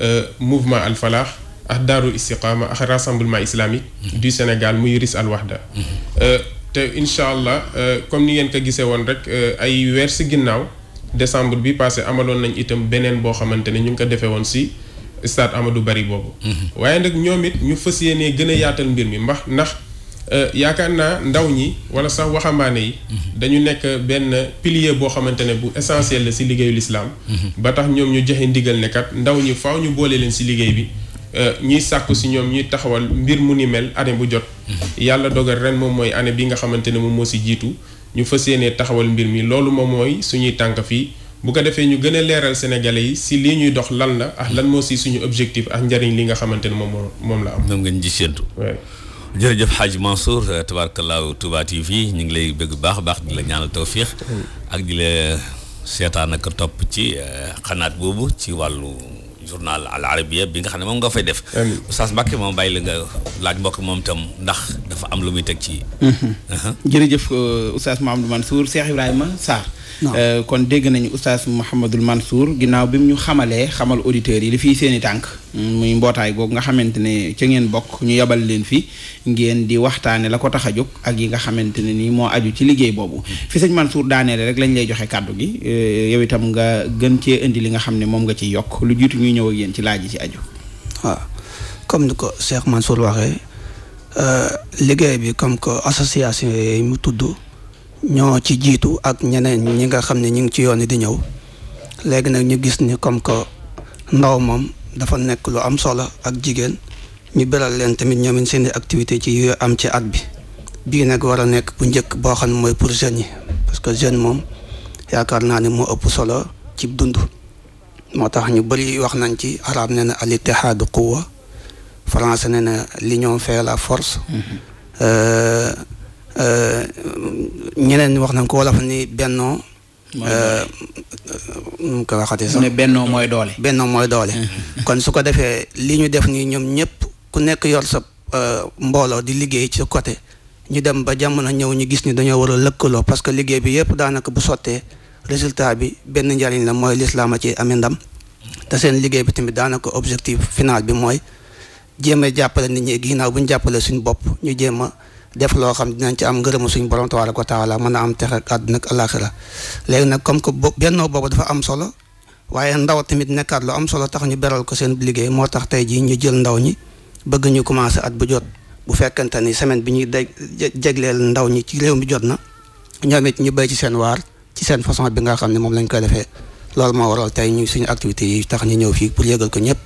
euh, mouvement Al Falah ak daaru istiqama ak rassemblement islamique mhm. du Sénégal muy RIS Al Wahda mhm. euh, te incha allah comme ni ngeen ko gisee woon rek ay weer si ginnaaw décembre bi passé amaloon nañ itam beneen boo xamante ne ñu ngi ko defee woon si stade Amadou bari boobu mhm. waaye nag ñoom it ñu fas yéenee gën a yaatal mbir mi mbax ndax Euh, yaakaar naa ndaw ñi wala sax waxambaane yi. dañu nekk benn pilier boo xamante ne bu essentiel la si liggéeyu lislaam mhm. ba tax ñoom ñu joxe ndigal ne kat ndaw ñi faw ñu boole leen si liggéey bi. Euh, ñuy sàkku si ñoom ñuy taxawal mbir mu ni mel année bu jot. Mhm. yàlla dogal ren moom mooy année bi nga xamante ne moom moo si jiitu ñu fas yéenee taxawal mbir mi loolu moom mooy suñuy tànk fii. bu ko defee ñu gën a leeral sénégalais yi si lii ñuy dox lan la ak lan moo si suñu objectif ak njariñ li nga xamante ne moom moom la am. moom ngeen ji séentu. jërëjëf Hadj Mansour tabaarkallaahu Touba TV ñu ngi lay bëgg baax baax di la ñaanal tawfiix ak di la seetaan ak topp ci euh, xanaat boobu ci wàllu journal al arabia bi nga xam ne moom nga fay def. Oustaz Mbacke moom bàyyi la nga laaj mbokk moom itam ndax dafa am lu muy teg ci. Mhm. Uh-huh. jërëjëf euh, Oustaz Mamadou Mansour Cheikh ma Sarr. Euh, kon dégg nañu oustaz Mouhamadul Mansour ginnaaw bi mu ñu xamalee xamal auditeurs yi li fii seen i tànk mm, muy mbootaay googu nga xamante ne ca ngeen bokk ñu yabal leen fi ngeen di waxtaane la ko tax a jóg ak yi nga xamante ne ni moo aju ci liggéey boobu mm. fi sëñ Mansour daaneele rek lañ lay joxe kàddu gi euh, yow itam nga gën cee indi li nga xam ne moom nga ciy yokk lu jiitu ñuy ñëwa ak yéen ci laaj yi ci aju waaw comme ni ko Cheikh Mansour waxee euh, liggéey bi comme que association yooyu mu tudd ñoo ci jiitu ak ñeneen ñi nga xam ne ñu ngi ci yoon di ñëw léegi nag ñu gis ni comme que ndaw moom dafa nekk lu am solo ak jigéen ñu beral leen tamit ñoom it seen activité ci yu am ci at bi bii nag war a nekk bu njëkk boo xam ne mooy pour jeunes yi parce que jeune moom yaakaar naa ne moo ëpp solo ci dund moo tax ñu bëri wax nañ ci arab nee na al ittihaadu quwwa français nee na l'union fait la force mm-hmm. euh, Euh, ñeneen wax nañ ko wolof ni bennoo. Euh, euh, nu ko waxatee sax. ne bennoo mooy doole. bennoo mooy doole. *laughs* kon su ko defee li ñu def nii ñoom ñëpp ku nekk yor sa mbooloo di liggéey ci côté ñu dem ba jamono ñëw ñu gis ni dañoo war a lëkkaloo parce que liggéey bi yëpp daanaka bu sottee résultat bi benn njariñ la mooy lislaam a ci amee ndam. te seen liggéey bi tamit daanaka objectif final bi mooy jéem a jàppale nit ñi ginnaaw bu ñu jàppale suñu bopp ñu jéem def loo xam dinañ ci am ngërëmu suñu borom tabaaraka wa taala mën a am tex ak àdduna ak alaaxira léegi nag comme que bennoo boobu dafa am solo waaye ndaw tamit nekkaat lu am solo tax ñu beral ko seen liggéey moo tax tey jii ñu jël ndaw ñi bëgg ñu commencé at bu jot bu fekkente ni semaine bi ñuy daj jegleel ndaw ñi ci réew mi jot na ñoom it ñu bay ci seen waar ci seen façon bi nga xam ne moom lañ koy defee loolu moo waral tay ñu suñu activité yi tax ñu ñëw fii pour yëgal ko ñëpp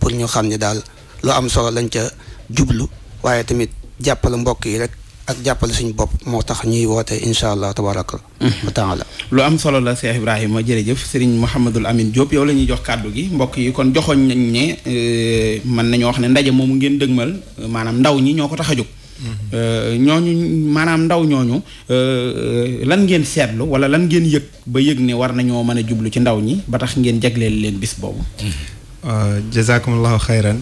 pour ñu xam ne daal lu am solo lañ ca jublu waaye tamit jàppale mbokk yi rek ak jàppale suñu bopp moo tax ñuy woote incha allah tabaraka mhm. wa taala lu am solo la Cheikh Ibrahima jërëjëf sëriñ Mouhamadul Amin Diop yow la ñuy jox kàddu gi mbokk yi kon joxoñ nañ ne euh, mën nañoo wax ne ndaje moomu ngeen dëgmal euh, maanaam ndaw ñi ñoo ko tax a jóg mhm. euh, ñooñu maanaam ndaw ñooñu lan ngeen seetlu wala lan ngeen yëg ba yëg ne war nañoo mën a jublu ci ndaw ñi ba tax ngeen jagleel leen bis boobu. Mhm. jazaakumullahu xayran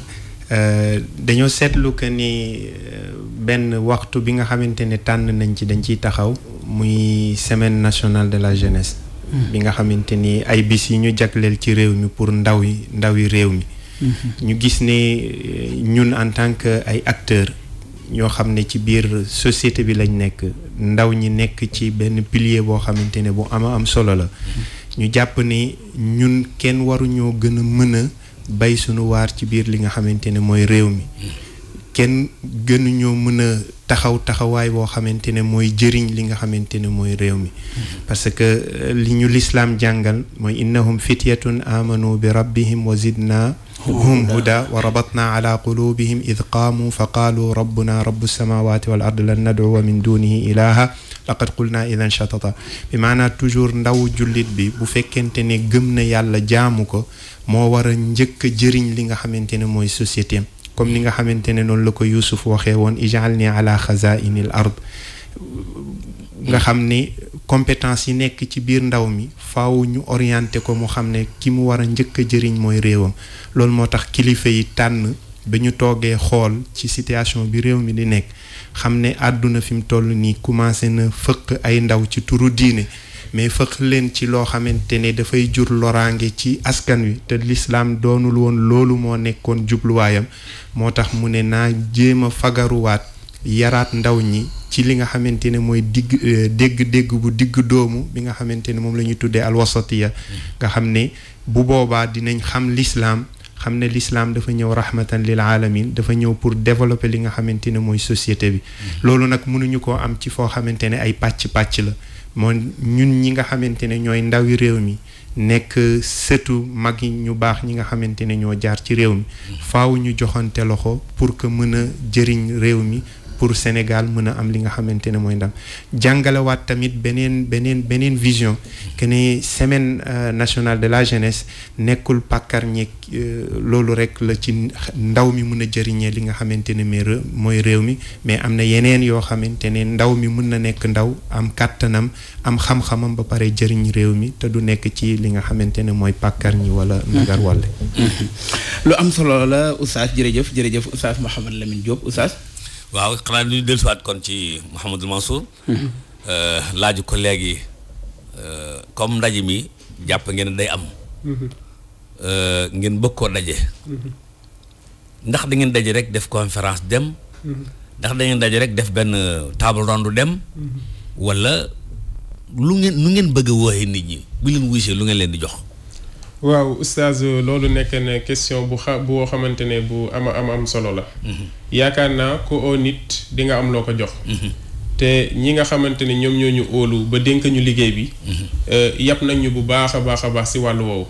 Euh, dañoo seetlu que ni euh, benn waxtu bi nga xamante ni tànn nañ ci dañ ciy taxaw muy semaine nationale de la jeunesse mm-hmm. bi nga xamante ni ay bis yi ñu jagleel ci réew mi pour ndaw yi ndaw yi réew mi mm-hmm. ñu gis ne euh, ñun en tant que ay acteurs ñoo xam ne ci biir société bi lañ nekk ndaw ñi nekk ci benn pilier boo xamante ne bu ama am solo la mm-hmm. ñu jàpp ni ñun kenn waruñoo gën a mën a bay sunu waar ci biir li nga xamante ne mooy réew mi kenn gënuñoo mën a taxaw taxawaay boo xamante ne mooy jëriñ li nga xamante ne mooy réew mi parce que euh, li ñu lislaam jàngal mooy innahum fityatun amanu bi rabbihim wa zidna hum huda wa rabatna ala qulubihim id qaamu fa qaalu rabbuna rabbu samawati wal ard lan nad'uwa min dunihi ilaha laqad qulna idan shatata bi maanaa toujours ndaw jullit bi bu fekkente ne gëm na yàlla jaamu ko moo war a njëkk jëriñ li nga xamante ne mooy société comme ni nga xamante ne noonu la ko Yuusuf waxee woon ijalni ala xazaini l ard nga xam ni compétence yi nekk ci biir ndaw mi faw ñu orienté ko mu xam ne ki mu war a njëkk a jëriñ mooy réewam loolu moo tax kilifa yi tànn ba ñu toogee xool ci situation bi réew mi di nekk xam ne àdduna fi mu toll nii commencé na fëq ay ndaw ci turu diine mais fëkk leen ci loo xamante ne dafay jur loraange ci askan wi te lislaam doonul woon loolu moo nekkoon jubluwaayam moo tax mu ne naa jéem a fagaruwaat yaraat ndaw ñi ci li nga xamante ne mooy digg dégg-dégg euh, bu digg doomu bi nga xamante ne moom la ñuy tuddee alwasatiya nga xam ne bu boobaa dinañ xam lislaam xam ne lislaam dafa ñëw rahmatan lil alamin dafa ñëw pour développer li nga xamante ne mooy société bi loolu nag mënuñu koo am ci foo xamante ne ay pàcc-pàcc la moo ñun ñi nga xamante ne ñooy ndawi réew mi nekk sëtu mag yi ñu baax ñi nga xamante ne ñoo jaar ci réew mi faaw ñu joxante loxo pour que mën a jëriñ réew mi pour Sénégal mën a am li nga xamante ne mooy ndam jàngalewaat tamit beneen beneen beneen vision que ni semaine euh, nationale de la jeunesse nekkul pàkkar ñeeg euh, loolu rek la ci ndaw mi mun a jëriñee li nga xamante ne mooy réew mi mais am na yeneen yoo xamante ne ndaw mi mun na nekk ndaw am kàttanam am xam-xamam ba pare jëriñ réew mi te du nekk ci li nga xamante ne mooy pàkkar wala nagar wàlle lu am solo la oustaz jërëjëf jërëjëf oustaz Mouhamed Lamine Diop oustaz waaw xanaa ñu dellusiwaat kon ci Mouhamadul Mansour. Mhm. Euh, laaju ko léegi euh, comme ndaje mi jàpp ngeen day am. Mhm. Euh, ngeen bëgg koo daje. Mhm. ndax da ngeen daje rek def conférence dem. ndax da daje rek def benn table du dem. wala lu ngeen lu ngeen bëgg a wooyee nit ñi bu leen wuysee lu ngeen leen di jox. waaw oustaz loolu nekk ne question bu xa boo xamante ne bu ama am am solo la. Mhm. yaakaar naa ku oo nit di nga am loo ko jox. Mhm. te ñi nga xamante ne ñoom ñoo ñu óolu ba dénk ñu liggéey bi. Mhm. Euh, yàpp nañ ñu bu baax a baax a baax si wàllu woowu.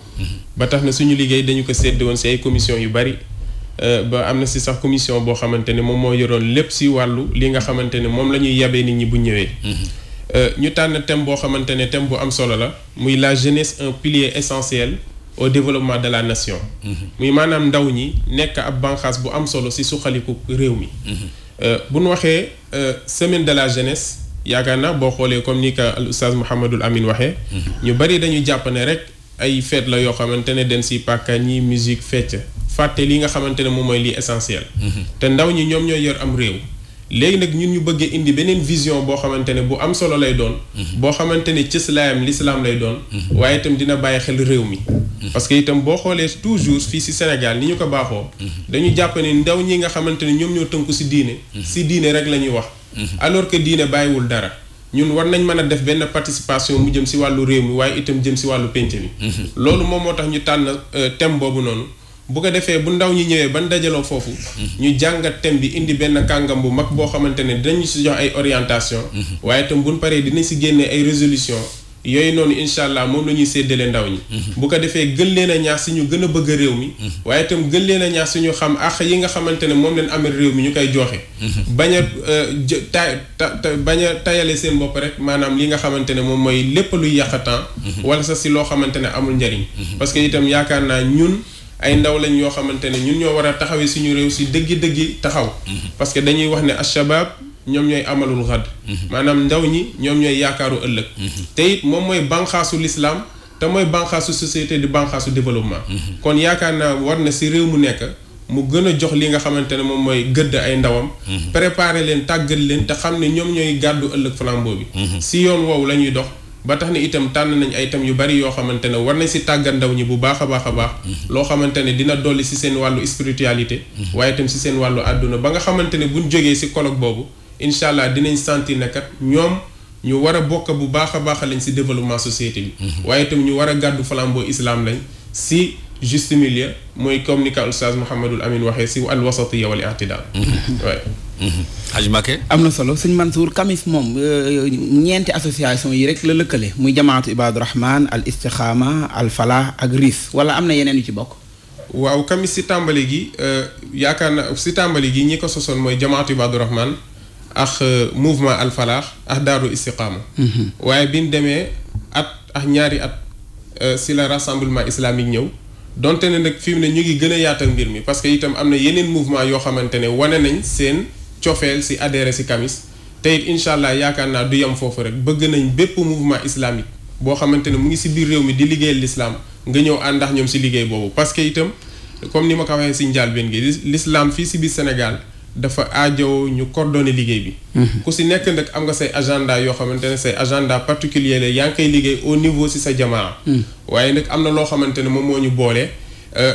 ba tax na suñu liggéey dañu ko sédd woon si ay commission yu bari. Euh, ba am na si sax commission boo xamante ne moom moo yoroon lépp si wàllu li nga xamante ne moom la ñuy yabee nit ñi bu ñëwee. Euh, ñu tànn thème boo xamante ne thème bu am solo la muy la jeunesse un pilier essentiel au développement de la nation. Mm-hmm. muy maanaam ndaw ñi nekk ab banqaas bu am solo si suqaliku réew mi. Mm-hmm. Euh, bu nu waxee euh, semaine de la jeunesse yaakaar naa boo xoolee comme ni ko al oustaz Mouhamadul Amin waxee. Mm-hmm. ñu bari dañu jàpp ne rek ay fête la yoo xamante ne den si pàkka ñi musique fecc fàtte li nga xamante ne moom mooy lii essentiel. te ndaw ñi ñoom ñooy yor am réew. léegi nag ñun ñu bëggee indi beneen vision boo xamante ne bu am solo lay doon. Mhm. boo xamante ne cëslaayam lislaam lay doon. Mhm. waaye itam dina bàyyi xel réew mi. Mhm. parce que itam boo xoolee toujours fii si Sénégal ni ñu ko baaxoo. dañu jàpp ne ndaw ñi nga xamante ne ñoom ñoo tënku si diine. si diine rek la ñuy wax. alors que diine bàyyiwul dara. ñun war nañ mën a def benn participation mu jëm si wàllu réew mi waaye itam jëm si wàllu pénc mi. loolu moom moo tax ñu tànn euh, thème boobu noonu. bu ko defee bu ndaw ñi ñëwee ban dajaloo foofu. ñu jàngat thème bi indi benn kàngam bu mag boo xamante ne dinañu si jox ay orientation waaye itam buñ paree dinañ si génnee ay résolution yooyu noonu incha allah moom la ñuy séddale ndaw ñi. bu ko defee gël leen a ñaax si ñu gën a bëgg réew mi. waaye itam gën leen a ñaax si ñu xam àq yi nga xamante ne moom leen amee réew mi ñu koy joxe. bañ a euh, ta bañ a tayale seen bopp rek maanaam li nga xamante ne moom mooy lépp luy yàq temps. Mhm. wala sax si loo xamante ne amul njariñ. Mhm. parce naa ñun. ay ndaw lañ yoo xamante ne ñun ñoo war a taxawee suñu réew si dëggi-dëggi taxaw mm-hmm. parce que dañuy wax ne ashabab ñoom ñooy amalul xad mm-hmm. maanaam ndaw ñi ñoom ñooy yaakaaru ëllëg mm-hmm. te it moom mooy banqaasu lislaam te mooy banqaasu société di banqaasu développement kon yaakaar naa war na si réew mu nekk mu gën a jox li nga xamante ne moom mooy gëdd ay ndawam préparer leen tàggat leen te xam ne ñoom ñooy gàddu ëllëg flambeau bi si yoon woowu la ñuy dox ba tax na itam tànn nañ ay thèmes yu bari yoo xamante ne war nañ si tàggat ndaw ñi bu baax a baax a baax. Mm-hmm. loo xamante ne dina dolli si seen wàllu spiritualité. Mm-hmm. waaye itam si seen wàllu àdduna ba nga xamante ne buñ jógee si colloque boobu incha allah dinañ santi ne kat ñoom ñu war a bokk bu baax a baax lañ si développement société bi. Mm-hmm. waaye itam ñu war a gàddu flambeau islaam lañ si juste milieu mooy comme ni ka Oustaz Mouhamadul Amin waxee si al wasatiya wal i'tidal. Mm-hmm. Hadj Mbacké am na solo sëñ Mansour Kamis moom euh, ñeenti association yi rek la lëkkale muy jamaatu Ibadu Rahman al Istikhama al Falah ak RIS wala am na yeneen yu ci bokk. waaw Kamis si tàmbali gi euh, yaakaar na si tàmbali gi ñi ko sosoon mooy jamaati Ibadu Rahman ak euh, mouvement al Falah ak Daaru Istikhama. Mm-hmm. waaye bi mu demee at ak ñaari at si la rassemblement islamique ñëw. donte nag fi mu ne ñu ngi gën a yaatal mbir mi parce que itam am na yeneen mouvement yoo xamante ne wane nañ seen. cofeel si adhéré si kamis te it incha allah yaakaar naa du yem foofu rek bëgg nañ bépp mouvement islamique boo xamante ne mu ngi si biir réew mi di liggéeyal l'islam nga ñëw ànd ak ñoom si liggéey boobu parce que itam comme ni ma ko waxee si njàlbéen gi l'islam fii si biir Sénégal dafa aajowoo ñu coordonné liggéey bi. Mhm. ku si nekk nag am nga say agenda yoo xamante ne say agenda particulier la yaa ngi koy liggéey au niveau si sa jamaa. Mhm. waaye nag am na loo xamante ne moom moo ñu boole. Euh,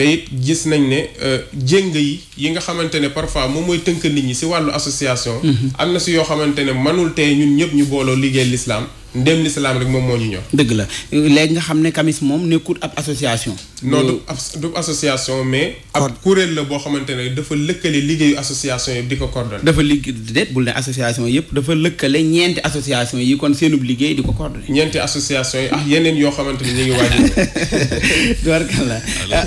te gis nañ ne euh, jéng yi yi nga xamante ne parfois moom mooy tënk nit ñi si wàllu association. Mm-hmm. am na si yoo xamante ne mënul teye ñun ñëpp ñu booloo liggéey lislaam ndéem lislaam rek moom moo ñu ñor. dëgg la léegi nga xam ne kamis moom nekkul ab association. non du euh, du association mais. ab kuréel la boo xamante ne dafa lëkkale liggéeyu association yëpp di ko coordonné. dafa liggéey déet bul ne association yëpp dafa lëkkale ñeenti association yi kon seenub liggéey di ko coordonné. ñeenti association yi ak yeneen yoo xamante ne ñu ngi waaj a. *laughs* tubarkalla ah,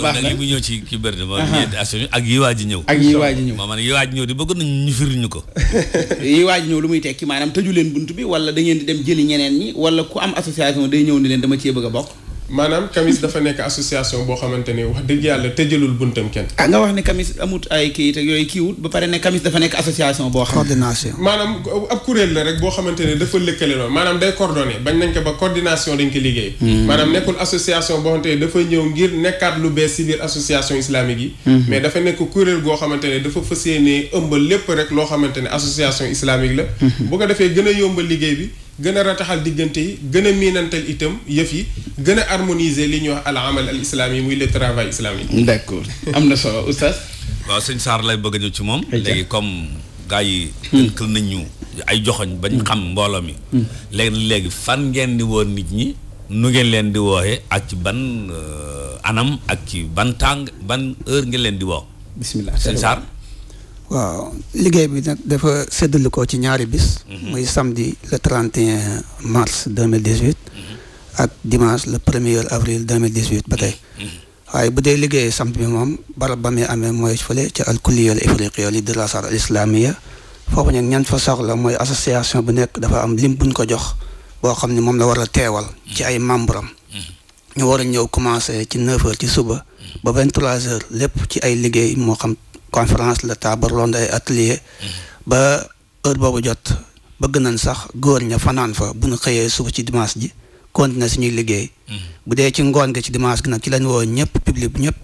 baax na bu ñëw ci ci bëri ñeenti association ak yi waaj ñëw. ak yi waaj ñëw maanaam yi waaj ñëw di bëgg nañ ñu firi ñu ko. *laughs* yi waaj ñëw lu muy tekki maanaam tëju leen bunt bi wala da di dem jëli ñeneen ñi wala ku am association day ñëw ni leen dama cee bëgg a bokk. maanaam Kamis dafa nekk association boo xamante ne wax dëgg yàlla tëjalul buntam kenn. ah wax ne Kamis amut ay kayit ak yooyu kiiwut ba pare ne Kamis dafa nekk association boo. xam coordination. maanaam kuréel la boo xamante ne dafa lëkkale maanaam day coordonné bañ nañ ko ba coordination dañ ko liggéey. Hmm. maanaam nekkul association boo xamante dafa ñëw ngir nekkaat lu bee si association islamique yi. Hmm. mais dafa nekk kuréel goo xamante ne dafa fas yéenee ëmb lépp rek loo xamante ne association islamique la. Hmm. bu ko defee gën a yombal liggéey bi. gën a rataxal diggante yi gën a miinantal itam yëf yi gën a harmoniser li ñuy wax al amal al islami muy le travail islamique. d' accord am na solo oustaz. waaw sëñ Sarr lay bëgg a ci moom. léegi comme gars yi. kël nañ ñu ay joxoñ bañ xam mbooloo mi. Hmm. léegi léegi fan ngeen di woo nit ñi nu ngeen leen di wooye ak ci ban euh, anam ak ci ban tàng ban heure ngeen leen di woo. bisimilah sëñ Sarr. waaw liggéey bi nag dafa séddale ko ci ñaari bis. Mhm. muy samedi le 31 mars 2018. Mhm. ak dimanche le premier avril 2018 ba tey. Mhm. waaye bu dee liggéey samedi moom barab ba muy amee mooy fële ca alkulliyal ifriqiya li dirasat al islamiya foofu nag ñan fa soxla mooy association bu nekk dafa am lim buñ ko jox boo xam ne moom la war a teewal. ci ay membre am. ñu war a ñëw commencé ci 9h ci suba. ba 23 lépp ci ay liggéey moo xam. conférence la taabaruloon ay atelier ba heure boobu jot ba nañ sax góor ña fanaan fa bu ñu xëyee suba ci dimanche ji continuer suñuy liggéey mm-hmm. bu dee ci ngoon gi ci dimanche gi nag ci lañ woo ñëpp public bi ñëpp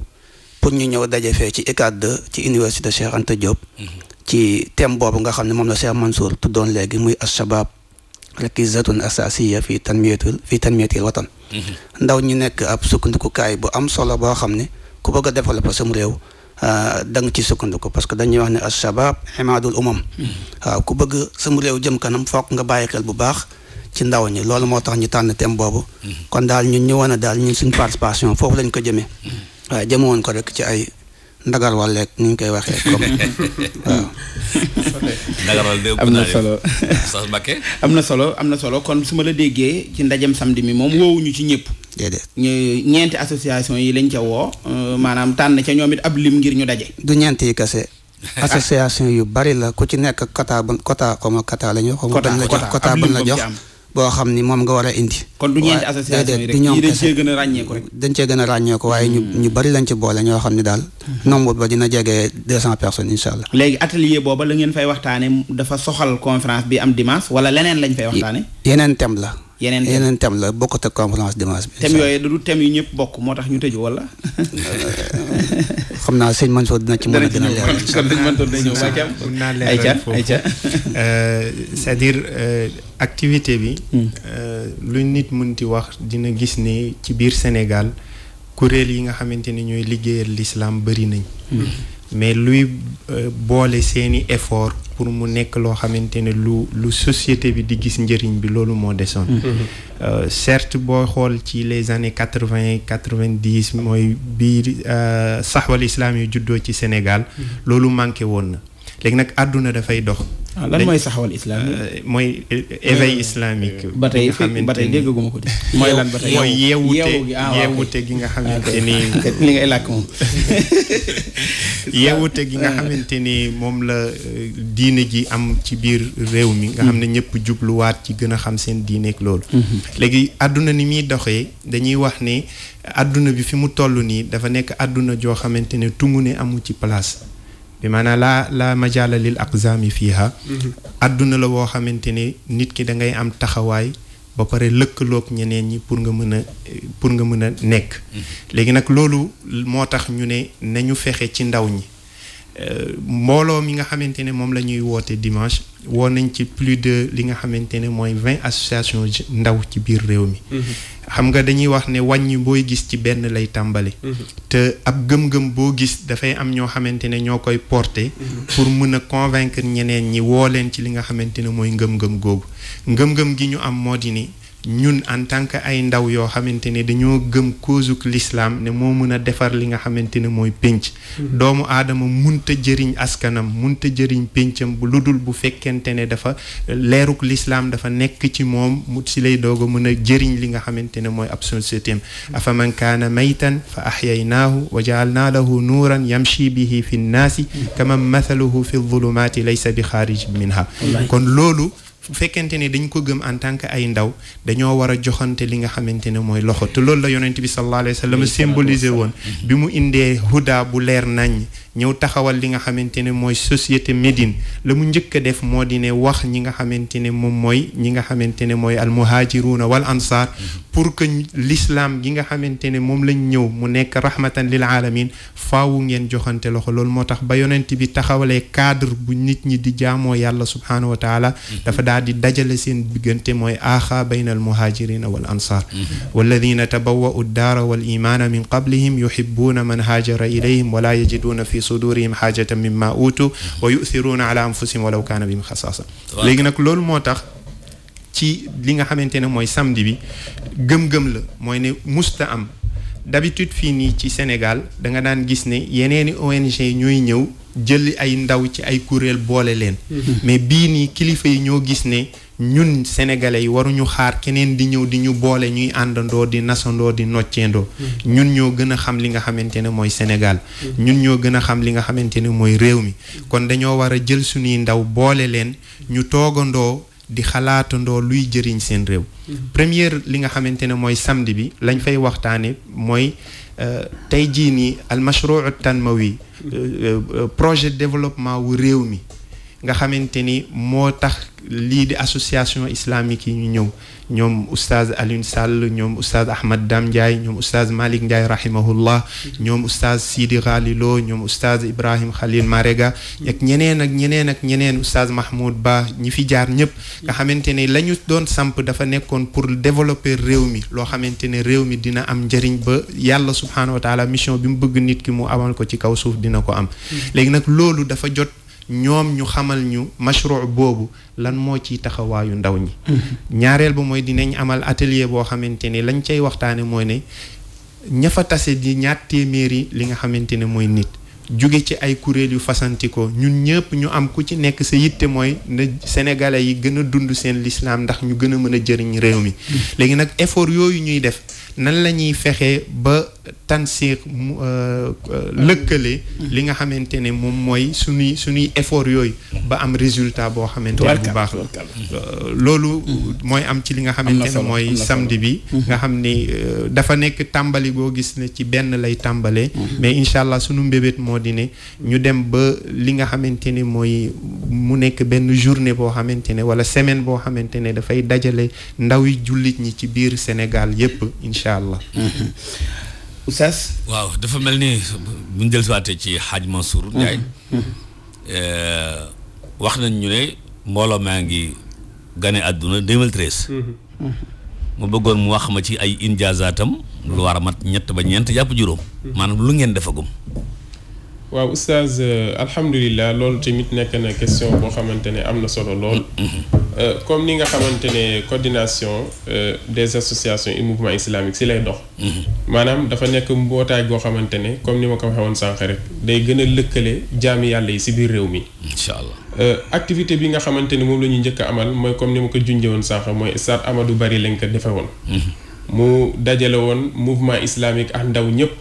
pour ñu ñëw daje fee ci ECAT de ci université Cheikh Anta Diop mm-hmm. ci thème boobu nga xam ne moom la Cheikh Mansour tuddoon léegi muy ashabab rakizatun asasiya fi tanmiyatil fi tanmiyatil watan mm-hmm. ndaw ñu nekk ab sukkandikukaay bu am solo a développer sam réew da nga ciy sukkandiku parce que dañuy wax ne ashabab imaadul umam waaw ku bëgg sama réew jëm kanam foog nga bàyyi xel bu baax ci ndaw ñi loolu moo tax ñu tànn thème boobu mm-hmm. kon daal ñun ñu wane daal ñun suñ participation foofu lañ ko jëmee mm-hmm. waaw jëmewoon ko rek ci ay ndagar wàlleeg ni ñu koy waxee comme *laughs* waaw. am na solo am na solo am na solo kon su ma la déggee ci ndajem samedi mi moom woowuñu ci ñëpp. déedéet ñu ñeenti association yi lañ ca woo euh, maanaam tànn ca ñoom it ab lim ngir ñu daje. du ñeenti yi kese. *laughs* association yu bari la ku ci nekk quota bu quota xaw ma quota la ñu. quota quota la jox boo xam ni moom nga war a indi. kon du ñeenti association yi rek dañ cee gën a ràññeeku rek cee gën a waaye ñu hmm. ñu bari lañ ci boole ñoo xam ne daal. Hmm. nombre ba dina jege deux cent personnes incha allah. léegi atelier booba la ngeen fay waxtaanee dafa soxal confrance bi am dimanche wala leneen lañ fay waxtaanee. yeneen thème la. yeneen yeneen la bokkut ak conférence dimanche bi. thème yooyu du thème yu ñëpp bokk moo tax ñu tëju wala. xam naa sëñ Mansour dina ci mën a gën a leeral. dina ci euh, c'est-à-dire euh, activité bi. Hmm. Euh, lu nit mënti wax dina gis ni ci biir Sénégal kuréel yi nga xamante ne ñooy liggéeyal lislaam bari nañ. Hmm. mais luy boole seeni effort pour mu nekk loo xamante ne lu lu société bi di gis njëriñ bi loolu moo desoon. Mm-hmm. Euh, certes boo xool ci les années quatre vingt quatre vingt dix mooy biir euh, saxwal islam yu juddoo ci Sénégal. Mm-hmm. loolu manqué woon na. léegi nag àdduna dafay dox. Ah, mooy saxawal islamique. Euh, mooy éveil islamique. ba tey ba tey dégguma ko di. *laughs* mooy lan ba tey mooy yeewute ah, yeewute gi nga ah, xamante ni. *laughs* li ngay làkk moom. *laughs* gi nga xamante ni moom la euh, diine ji am ci biir réew mi. nga xam ne mm-hmm. ñëpp jubluwaat ci gën a xam seen diineeg loolu. Mm-hmm. léegi àdduna ni muy doxee dañuy wax ne àdduna bi fi mu toll nii dafa nekk àdduna joo xamante ne tungu ne amul ci place. bi maanaam laa laa majaala lil aqzaami fiiha àdduna mm-hmm. la boo xamante ne nit ki da ngay am taxawaay ba pare lëkkaloog ñeneen ñi pour nga mën a pour nga mën a nekk mm-hmm. léegi nag loolu moo tax ñu ne nañu fexe ci ndaw ñi Euh, mbooloo mi nga xamante ne moom la ñuy woote dimanche woo nañ ci plus de li nga xamante ne mooy vingt association ndaw ci biir réew mi mhm. xam nga dañuy wax ne wàññi booy gis ci benn lay tàmbali mhm. te ab gëm-gëm boo gis dafay am ñoo xamante ne ñoo koy porter mhm. pour mën a convaincre ñeneen ñi woo leen ci li nga xamante ne mooy ngëm-ngëm googu ngëm-ngëm gi ñu am moo di ñun en tant que ay ndaw yoo xamante ne dañoo gëm koosuk lislaam ne moo mën a defar li nga xamante ne mooy pénc mhm. doomu aadama munta jëriñ askanam munta jëriñ péncam bu dul bu fekkente ne dafa leeruk lislaam dafa nekk ci moom mu si lay doog a mën a jëriñ li nga xamante ne mooy ab société mhm. afa man kaana maytan fa axyaynaahu wa jaalnaa lahu nuuran yam bihi fi nnaasi mhm. kaman mathaluhu fi dhulumaati laysa bi xaarij minha kon loolu bu fekkente ne dañ ko gëm en tant que ay ndaw dañoo war a joxante li nga xamante ne mooy loxo te loolu la yonent bi sallallahu alayhi wa sallam symbolisé woon bi mu indee huda bu leer nañ ñëw taxawal li nga xamante ne mooy société Médine la mu njëkk a def moo di ne wax ñi nga xamante ne moom mooy ñi nga xamante ne mooy almuhaajiruuna wal ansaar pour que lislaam gi nga xamante ne moom lañ ñëw mu nekk rahmatan lil alamin faawu ngeen joxante loxo lool moo tax ba yonent bi taxawalee cadre bu nit ñi di jaamoo yàlla subhaanahu wa taala dafa daal di dajale seen diggante mooy aaxa bayna almuhaajirina wal ansaar mm-hmm. walladina tabawwa'u ddaara wal imaana min qablihim fi sudurihim xaajatan mimma utu wa yu'thiruuna ala anfusihim walaw kaana bihim xasaasa léegi nag loolu moo tax ci li nga xamante ne mooy samedi bi gëm-gëm la mooy ne musta am d'habitude fii nii ci Sénégal da nga daan gis ne yeneeni ONG ñooy ñëw jël ay ndaw ci ay kuréel boole leen mm-hmm. mais bii nii kilifa yi ñoo gis ne ñun sénégalais yi waruñu xaar keneen di ñëw di ñu boole ñuy àndandoo di nasandoo di nocceendoo mm-hmm. ñun ñoo gën a xam li nga xamante ne mooy Sénégal mm-hmm. ñun ñoo gën a xam li nga xamante ne mooy réew mi kon dañoo war a jël suñuy ndaw boole leen ñu toogandoo di xalaatandoo luy jëriñ seen réew mm-hmm. première li nga xamante ne mooy samedi bi lañ fay waxtaane mooy euh, tey jii nii al wi tanmawi euh, euh, projet développement wu réew mi nga xamante ni moo tax lii de association islamique yi ñu ñëw ñoom oustaz Alioune Sall ñoom oustaz Ahmad Dam Ndiaye ñoom oustaz Malick Ndiaye rahimahullah ñoom oustaz Sidi Khalilo ñoom oustaz Ibrahim Khalil Marega ak ñeneen ak ñeneen ak ñeneen oustaz Mahmoud Ba ñi fi jaar ñëpp nga xamante ni lañu doon samp dafa nekkoon pour développer réew mi loo xamante ne réew mi dina am njëriñ ba yàlla subhaanahu wa taala mission bi mu bëgg nit ki mu amal ko ci kaw suuf dina ko am hmm. léegi nag ñoom ñu xamal ñu mashru boobu lan moo ciy taxawaayu ndaw ñi ñaareel ba mooy dinañ amal atelier boo xamante ni lañ cay waxtaane mooy ne ña fa tase di ñaat téeméeri li nga xamante ne mooy nit jóge ci ay kuréel yu fasantikoo ñun ñëpp ñu am ku ci nekk sa yitte mooy na sénégalais yi gën a dund seen lislaam ndax ñu gën a mën a jëriñ réew mi mm-hmm. léegi nag effort yooyu ñuy def nan la ñuy fexe ba tansiir euh, euh, lëkkale. Mm-hmm. li nga xamante ne moom mooy suñuy suñuy effort yooyu ba am résultat boo xamante ne bu baax la euh, loolu mm-hmm. mooy am ci li nga xamante ne mooy samedi bi mm-hmm. nga xam ni dafa nekk tàmbali boo gis ne ci benn lay tàmbalee mais incha allah suñu mbébét moo di ne ñu dem ba li nga xamante ne mooy mu nekk benn journée boo xamante ne wala semaine boo xamante ne dafay dajale ndawi jullit ñi ci biir Sénégal yépp incha allah. oustaz. waaw dafa mel ni bu ñu dellusiwaatee ci xaaj Mansour Ndiaye. Mhm. Euh, wax nañ ñu ne mbooloo maa ngi gane àdduna 2013. mu mhm. bëggoon mu wax ma ci ay injaazaatam lu war a mat ñett ba ñeent yàpp juróom. Mhm. maanaam lu ngeen defagum. waaw oustaz euh, alhamdulilah loolu tamit nekk na question boo xamante ne am na solo lool. Mm-hmm. Euh, comme ni nga xamante ne coordination euh, des associations et mouvement islamique si lay dox. Mm-hmm. maanaam dafa nekk mbootaay goo xamante ne comme ni ma ko waxee woon sànq rek day gën a lëkkale jaami yàlla yi si biir réew mi. incha allah activité bi nga xamante ne moom la ñu njëkk a amal mooy comme ni ma ko junjee woon sànq mooy stade Amadou bari lañ ko defee woon. Mm-hmm. mu dajale woon mouvement islamique ak ndaw ñëpp.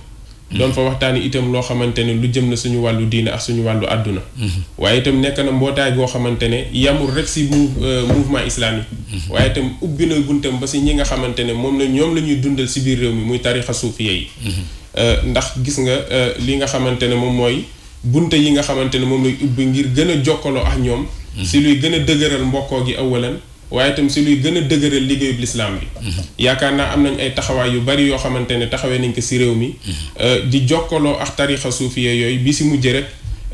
doon fa waxtaani itam loo xamante ne lu jëm na suñu wàllu diine ak suñu wàllu àdduna mm-hmm. waaye itam nekk na mbootaay goo xamante ne yamul rek si euh, mouvement islamique mm-hmm. waaye itam ubbi na buntam ba si ñi nga xamante ne moom la ñoom la ñuy dundal si biir réew mi muy tarixa suufiya yi mm-hmm. euh, ndax gis nga euh, li nga xamante ne moom mooy bunte yi nga xamante ne moom lay ubbi ngir gën a jokkaloo ak ñoom si luy gën a dëgëral mbokkoo gi awalan waaye itam si luy gën a dëgëral liggéeyub lislaam bi mhm. yaakaar naa am nañ ay taxawaay yu bari yoo xamante ne taxawee nañ ko si réew mi mhm. euh, di jokkaloo ak tarixa suufiya yooyu bi si mujj rek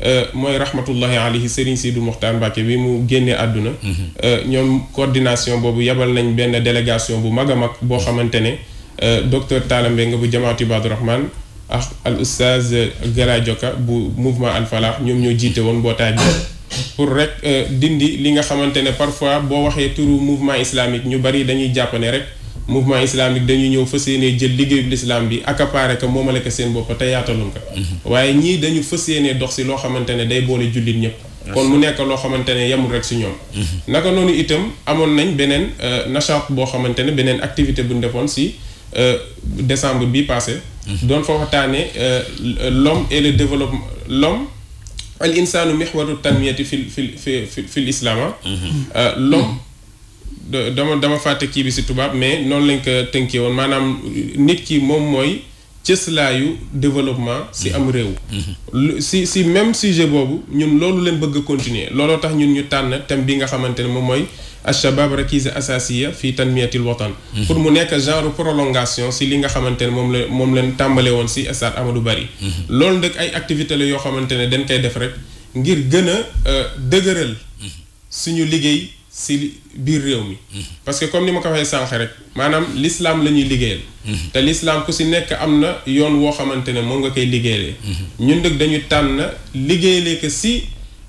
euh, mooy rahmatullahi alayhi Serigne Sidou Mokhtar Mbacke bi mu génnee àdduna mhm. euh, ñoom coordination boobu yebal nañ benn délégation bu mag a mag boo xamante ne docteur Taalambe nga bu jamaatu Ibaadu Rahman ak al oustaz Galajoka bu mouvement Al Falah ñoom ñoo jiite woon mbootaay bi pour rek euh, dindi li nga xamante ne parfois boo waxee turu mouvement islamique ñu bari dañuy jàpp ne rek mouvement islamique dañuy ñëw fas yéenee jël liggéeyub l'islam bi accaparé ko moomale ko seen boppa te yaataluñ ko. Mhm. waaye ñii dañu fas yéenee dox si loo xamante ne day boole jullit ñëpp. kon mu nekk loo xamante ne yemul rek si ñoom. Mhm. naka noonu itam amoon nañ beneen euh, nachat boo xamante ne beneen activité bu ñu defoon si euh, décembre bi passé. Mhm. doon fa waxtaanee l'homme et le développement l'homme al insaanu mihwaru tanmiyati fil fil fil fil islaama ah. mhm. euh, l'homme dama dama fàtte kii bi si tubaab mais noonu lañ ko tënkee woon maanaam nit ki moom mooy cëslaayu développement si am réew si mhm. si même sujet boobu ñun loolu leen bëgg continuer looloo tax ñun ñu tànn thème bi nga xamante ne moom mooy alshabab rakise asasiya fi tanmiyatil watan hmm. pour mu nekk genre prolongation si li nga xamante ne moom la moom leen tàmbale woon si stade Amadou bari hmm. loolu nag ay activité la yoo xamante ne dañ koy def rek ngir gën a euh, dëgëral hmm. suñu liggéey si biir réew mi parce que comme ni ma ko waxee sànq rek maanaam l'islam lañuy ñuy liggéeyal te l'islam ku si nekk am na yoon woo xamante ne moom nga koy liggéeyalee ñun nag dañuy tànn liggéeyalee ko si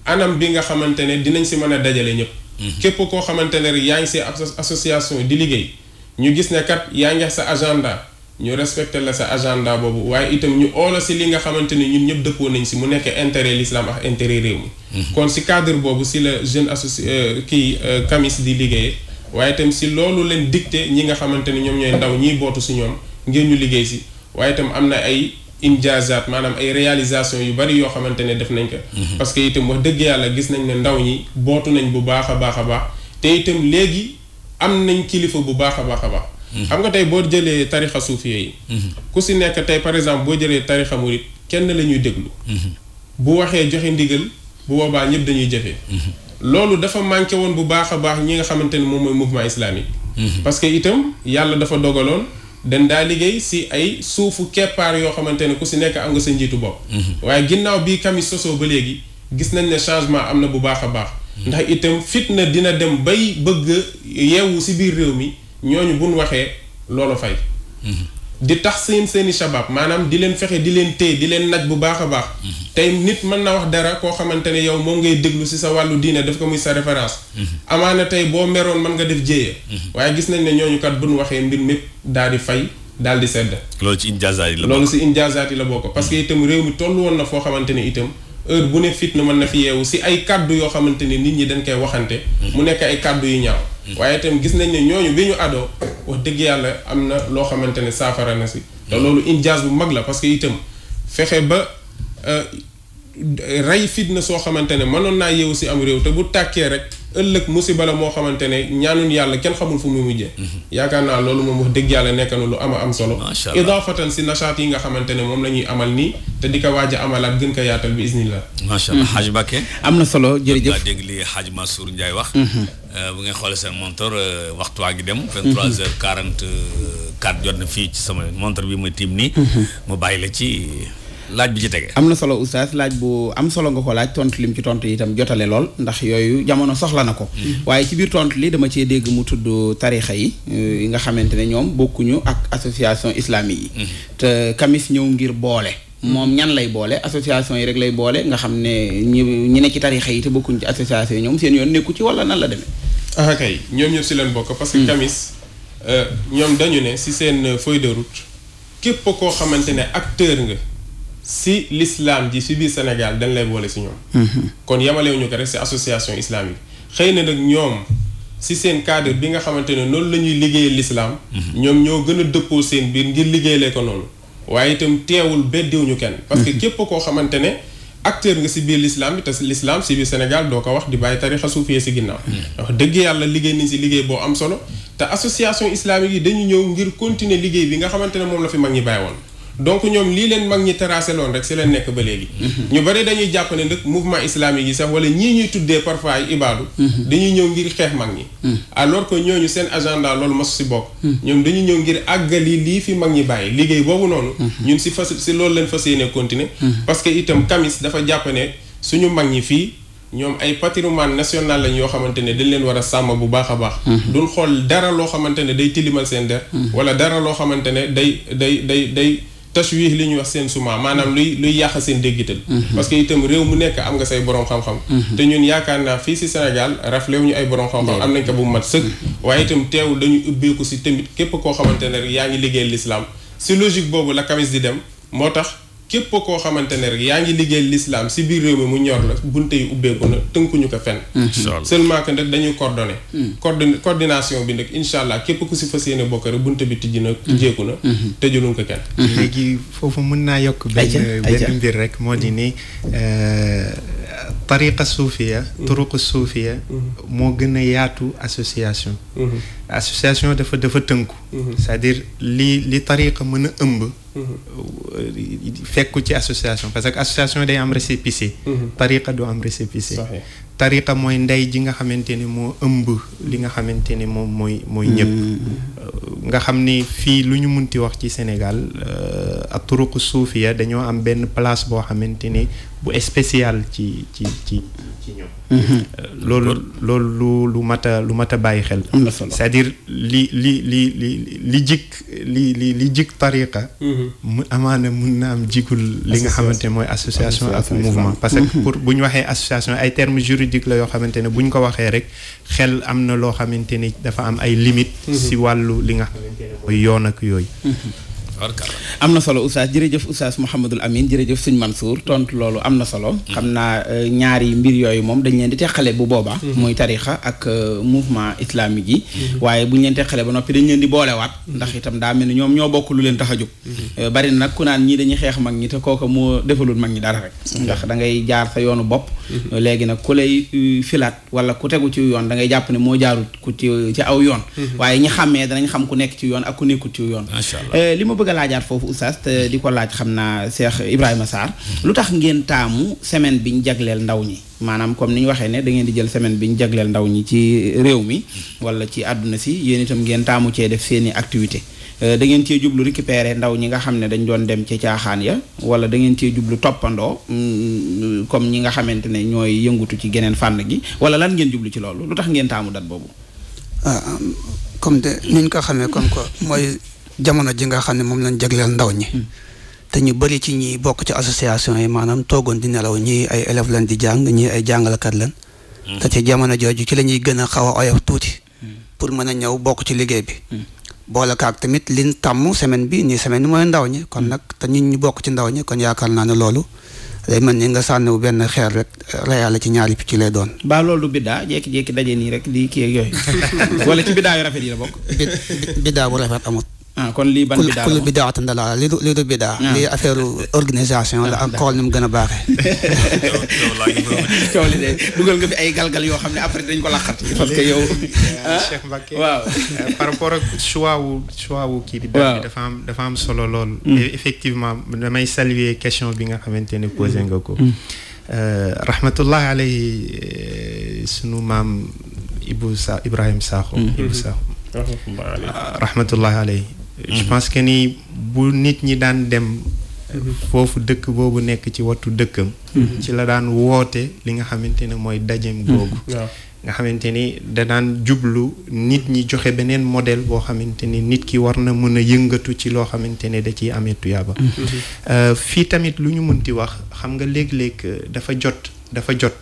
anam bi nga xamante ne dinañ si mën a dajale ñëpp Mhm. képp koo xamante ne rek yaa ngi see association di liggéey ñu gis ne kat yaa ngi sa agenda ñu respecté la sa agenda boobu waaye itam ñu oola si li nga xamante ni ñun ñëpp dëppoo nañ si mu nekk intére l'islam ak intérêt réew mi. Mhm. kon si cadre boobu si la jeune associé euh, kii kamis euh, di liggéeyee waaye itam si loolu leen dicté ñi nga xamante ni ñoom ñooy ndaw ñiy bootu si ñoom ngir ñu liggéey si waaye itam am na ay. injaazaat maanaam ay réalisation yu bari yoo xamante ne def nañ ko. Mhm. parce que itam wax dëgg yàlla gis nañ ne ndaw ñi bootu nañ bu baax a baax a baax te itam léegi am nañ kilifa bu baax a baax a baax. Mhm. xam nga tey boo jëlee tarixa suufiya yi. Mhm. ku si nekk tey par exemple boo jëlee tarixa murit kenn la ñuy déglu. bu waxee joxe ndigal bu boobaa ñëpp dañuy jëfee. loolu dafa manqué woon bu baax a baax ñi nga xamante ne moom mooy mouvement islamique. parce que itam yàlla dafa dogaloon. dañ daa liggéey si ay suufu keppaar yoo xamante ne ku si nekk am nga sa njiitu bopp. Mhm. waaye ginnaaw bii kami sosoo ba léegi gis nañ ne changement am na bu baax a baax. Mhm. ndax itam fitna dina dem bay bëgg yeewu si biir réew mi ñoo ñu buñ waxee loolu fay. Mhm. di tax seen seeni shabab maanaam di leen fexe di leen téye di leen naj bu baax a baax. Mhm. tey nit mën na wax dara koo xamante ne yow moom ngay déglu si sa wàllu diine daf ko muy sa référence. Mhm. amaana tey boo meroon mën nga def jéeye. Mhm. waaye gis nañ ne ñooñu kat bu nu waxee mbir mépp daal di fay daal di sedd. loolu ci injaazaat yi la bokk loolu si injaazaat la bokk. parce que itam réew mi toll woon na foo xamante ne itam. heure bu ne fitna mën na fi yeewu si ay kàddu yoo xamante ne nit ñi dañ koy waxante. mu nekk ay kàddu yu ñaaw. Mm-hmm. waaye itam gis nañ ne ñooñu bi ñu adoo wax dëgg yàlla am na loo xamante ne saafara na si. te mm-hmm. loolu injaas bu mag la parce que itam fexe ba euh, rey fitna soo xamante ne mënoon naa yeewu si am réew te bu tàkkee rek. ëllëg musiba bala moo xamante ne ñaanuñ yàlla kenn xamul fu mu mujjee mhm. yaakaar naa loolu moom wax dëgg yàlla nekk na lu ama am solo idaafatan si nachaat yi nga xamante ne moom la ñuy amal nii te di ko waaj a amalaat gën ko yaatal bi isnillah macha allah xaaj mhm. Bakke am na solo jërëjëf laa dégg li xaaj Mansour Ndiaye wax mhm. euh, bu ngay xoolee seen montre euh, waxtu waa ngi dem vingt-trois heures quarante-quatre jot na fii ci sama montre bi ma tiim nii mu bàyyi la ci laaj bi ci tege. am na solo oustaz laaj bu am solo nga ko laaj tontu lim ci tontu itam jotale lool ndax yooyu jamono soxla na ko. Mhm. waaye ci biir tontu li dama cee dégg mu tudd tarixa yi. Euh, yi nga xamante ne ñoom bokkuñu ak association islamique yi. Mhm. te kamis ñëw ngir boole. Mhm. moom ñan lay boole association yi rek lay boole nga ne ñi ñi ne ci tarixa yi te bokkuñ ci association yi ñoom seen yoon nekku ci wala nan la demee. ah kay ñoom si leen bokk. parce que kamis euh, ñoom dañu ne si seen euh, feuille de route. képp koo xamante ne acteur nga. si l'islam ji si biir Sénégal dañ lay boole si ñoom. Mhm. kon yamalewu ñu ko rek si association islamique xëy na nag ñoom si seen cadre bi nga xamante ne noonu la ñuy liggéeyee l'islam. Mhm. ñoom ñoo gën a dëppoo seen biir ngir liggéeyalee ko noonu. waaye itam teewul beddiwuñu kenn. parce que mhm. képp koo xamante ne acteur nga si biir l'islam bi te l'islam si biir Sénégal doo ko wax di bàyyi tarixa suufiyee si ginnaaw. wax dëgg yàlla liggéey nañ si liggéey boo am solo. te association islamique yi dañu ñëw ngir continuer liggéey bi nga xamante ne moom la fi mag ñi bàyyi woon. donc ñoom lii leen mag ñi terrassé loon rek si leen nekk ba léegi. Mhm. ñu bari dañuy jàpp ne nag mouvement islamique yi sax wala ñii ñuy tuddee parfois ay ibaadu. Mhm. dañuy ñëw ngir xeex mag ñi. Mhm. alors que ñooñu seen agenda loolu mos si bokk. ñoom dañuy ñëw ngir àggali lii fi mag ñi bàyyi liggéey boobu noonu. ñun si fas si loolu leen fas yéene continuer. parce que itam kamis dafa jàppane suñu mag ñi fii. ñoom ay patrimoine national lañ yoo xamante ne dañ leen war a sàmm bu baax a baax duñ xool dara loo xamante ne day tilimal seen der wala dara loo xamante ne day day day day tashwih li ñuy wax seen suma maanaam luy luy yàq seen déggital mhm. parce que itam réew mu nekk am nga say borom xam-xam mhm. te ñun yaakaar naa fii si Sénégal raflew ñu ay borom xam-xam am nañ ko bu mat sëkk mhm. waaye itam teewul dañu ubbeeku si tamit képp koo xamante ne rek yaa ngi liggéey l'islam si logique boobu la kamis di dem moo tax képp koo xamante ne rek yaa ngi liggéey lislaam si biir réew mi mu ñor la bunte yi ubbeeku na tënkuñu ko fenn seulement que nag dañuy coordonné hmm. coordonné coordination bi nag incha allah képp ku si fas yéene bokk rek bunte bi tijji na hmm. tijjeeku na hmm. tëjaluñ ko kenn gi foofu mën naa yokk benn ba mbir rek moo di ni euh, tariqa suufiya turuq suufiya moo gën a yaatu association association dafa dafa tënku. Mhm. c'est-à-dire li li tariqa mën a ëmb. Mhm. Euh, fekku ci association parce que association day am récépissé. Mhm. tariqa du am récépissé. tariqa mooy ndey ji nga xamante ni moo ëmb li nga xamante ni moom mooy mooy ñëpp mm. euh, xam ni fii lu ñu munti wax ci Sénégal euh, ak turuq suufiya dañoo am benn place boo xamante ni bu spécial ci ci ci ci mm-hmm. euh, lu lu mat lu mat a bàyyi xel cest à li li li li li jik li li li jik tariqa mm-hmm. mu amaana mun na am jikul li nga xamante ni mooy association ak mouvement mm-hmm. parce que pour waxee association ay termes juridiques juridique la yoo xamante ne bu ñu ko waxee rek xel am na loo xamante ni dafa am ay limites. Mhm. si wàllu li nga yoon ak yooyu. Mhm. am na solo oustaz jërëjëf oustaz Mouhamadul Amin jërëjëf sëñ Mansour tontu loolu am na solo hmm. xam naa euh, ñaari mbir yooyu moom dañ leen di te teqale bu boobaa hmm. muy tarixa ak euh, mouvement islamique yi hmm. waaye bu ñu leen teqale ba noppi dañ leen di boolewaat ndax itam daa mel ne ñoom ñoo bokk lu leen tax a jóg euh, bari nag ku naan ñii dañuy xeex mag ñi te kooka moo defalul mag ñi dara rek ndax da ngay jaar sa yoonu bopp léegi nag ku lay filaat wala ku tegu ci yoon da ngay jàpp ne moo jaarut ku ci aw yoon waaye ñi xàmmee danañ xam ku nekk ci yoon ak ku nekkut ci yoon bëgg laajaat foofu oustaz te di ko laaj xam naa Cheikh Ibrahima Sarr lu tax ngeen taamu semaine bi ñu jagleel ndaw ñi maanaam comme ni ñu waxee ne da ngeen di jël semaine bi ñu jagleel ndaw ñi ci réew mi wala ci àdduna si yéen itam ngeen taamu cee def seeni activité euh, da ngeen cee jublu récupérer ndaw ñi nga xam ne dañ doon dem ci caaxaan ya wala da ngeen cee jublu toppandoo mm, comme ñi nga xamante ne ñooy yëngutu ci geneen fànn gi wala lan ngeen jublu ci loolu lu tax ngeen taamu dat boobu. Ah, jamono ji nga xam ne moom lañ jagleel ndaw ñi. Hmm. te ñu bëri ci ñi bokk ci association yi maanaam toogoon di nelaw ñii ay élèves lañ di jàng ñii ay jàngalakat lañ. Hmm. te ci jamono jooju ci lañuy gën a xaw a oyof tuuti. Hmm. pour mën a ñëw bokk ci liggéey bi. boole kaak tamit liñ tàmm semaine bi nii semaine bi mooy ndaw ñi kon nag te ñu bokk ci ndaw ñi kon yaakaar naa ne loolu. day mel ni nga sànniwu benn xeer rek reyaale ci ñaari ci lay doon. baa loolu du jékki-jékki nii rek di yooyu *laughs* wala bu rafet amut. ah kon lii ban bidaa la kullu bidaatan dalaala lii du lii du bidaa. Ah. lii affaire organisation la ak xool ni mu gën a baaxee. *laughs* coow li de dugal nga fi ay galgal yoo xam ne après dañ ko laqat. parce que yow. Cheikh Mbacké ah, waaw. Euh, par rapport ak choix wu choix wu kii bi. waaw dafa am dafa am solo lool. Hmm. E, effectivement damay saluer question bi nga xamante ne posé nga ko. Hmm. Euh, rahmatullahi alayhi euh, sunu maam Ibou Sa Ibrahim Sakho. Hmm. Ibou Sakho rahmatullahi alayhi je mhm. pense que ni bu nit ñi daan dem. Mhm. foofu dëkk boobu nekk ci wattu dëkkam. Mhm. ci la daan woote li nga xamante ne mooy dajem googu. nga xamante ni da daan jublu nit ñi joxe beneen modèle boo xamante ni nit ki war na mën a yëngatu ci loo xamante ne da ciy amee tuyaaba. Euh, fii tamit lu ñu mënti wax xam nga léeg-léeg euh, dafa jot dafa jot.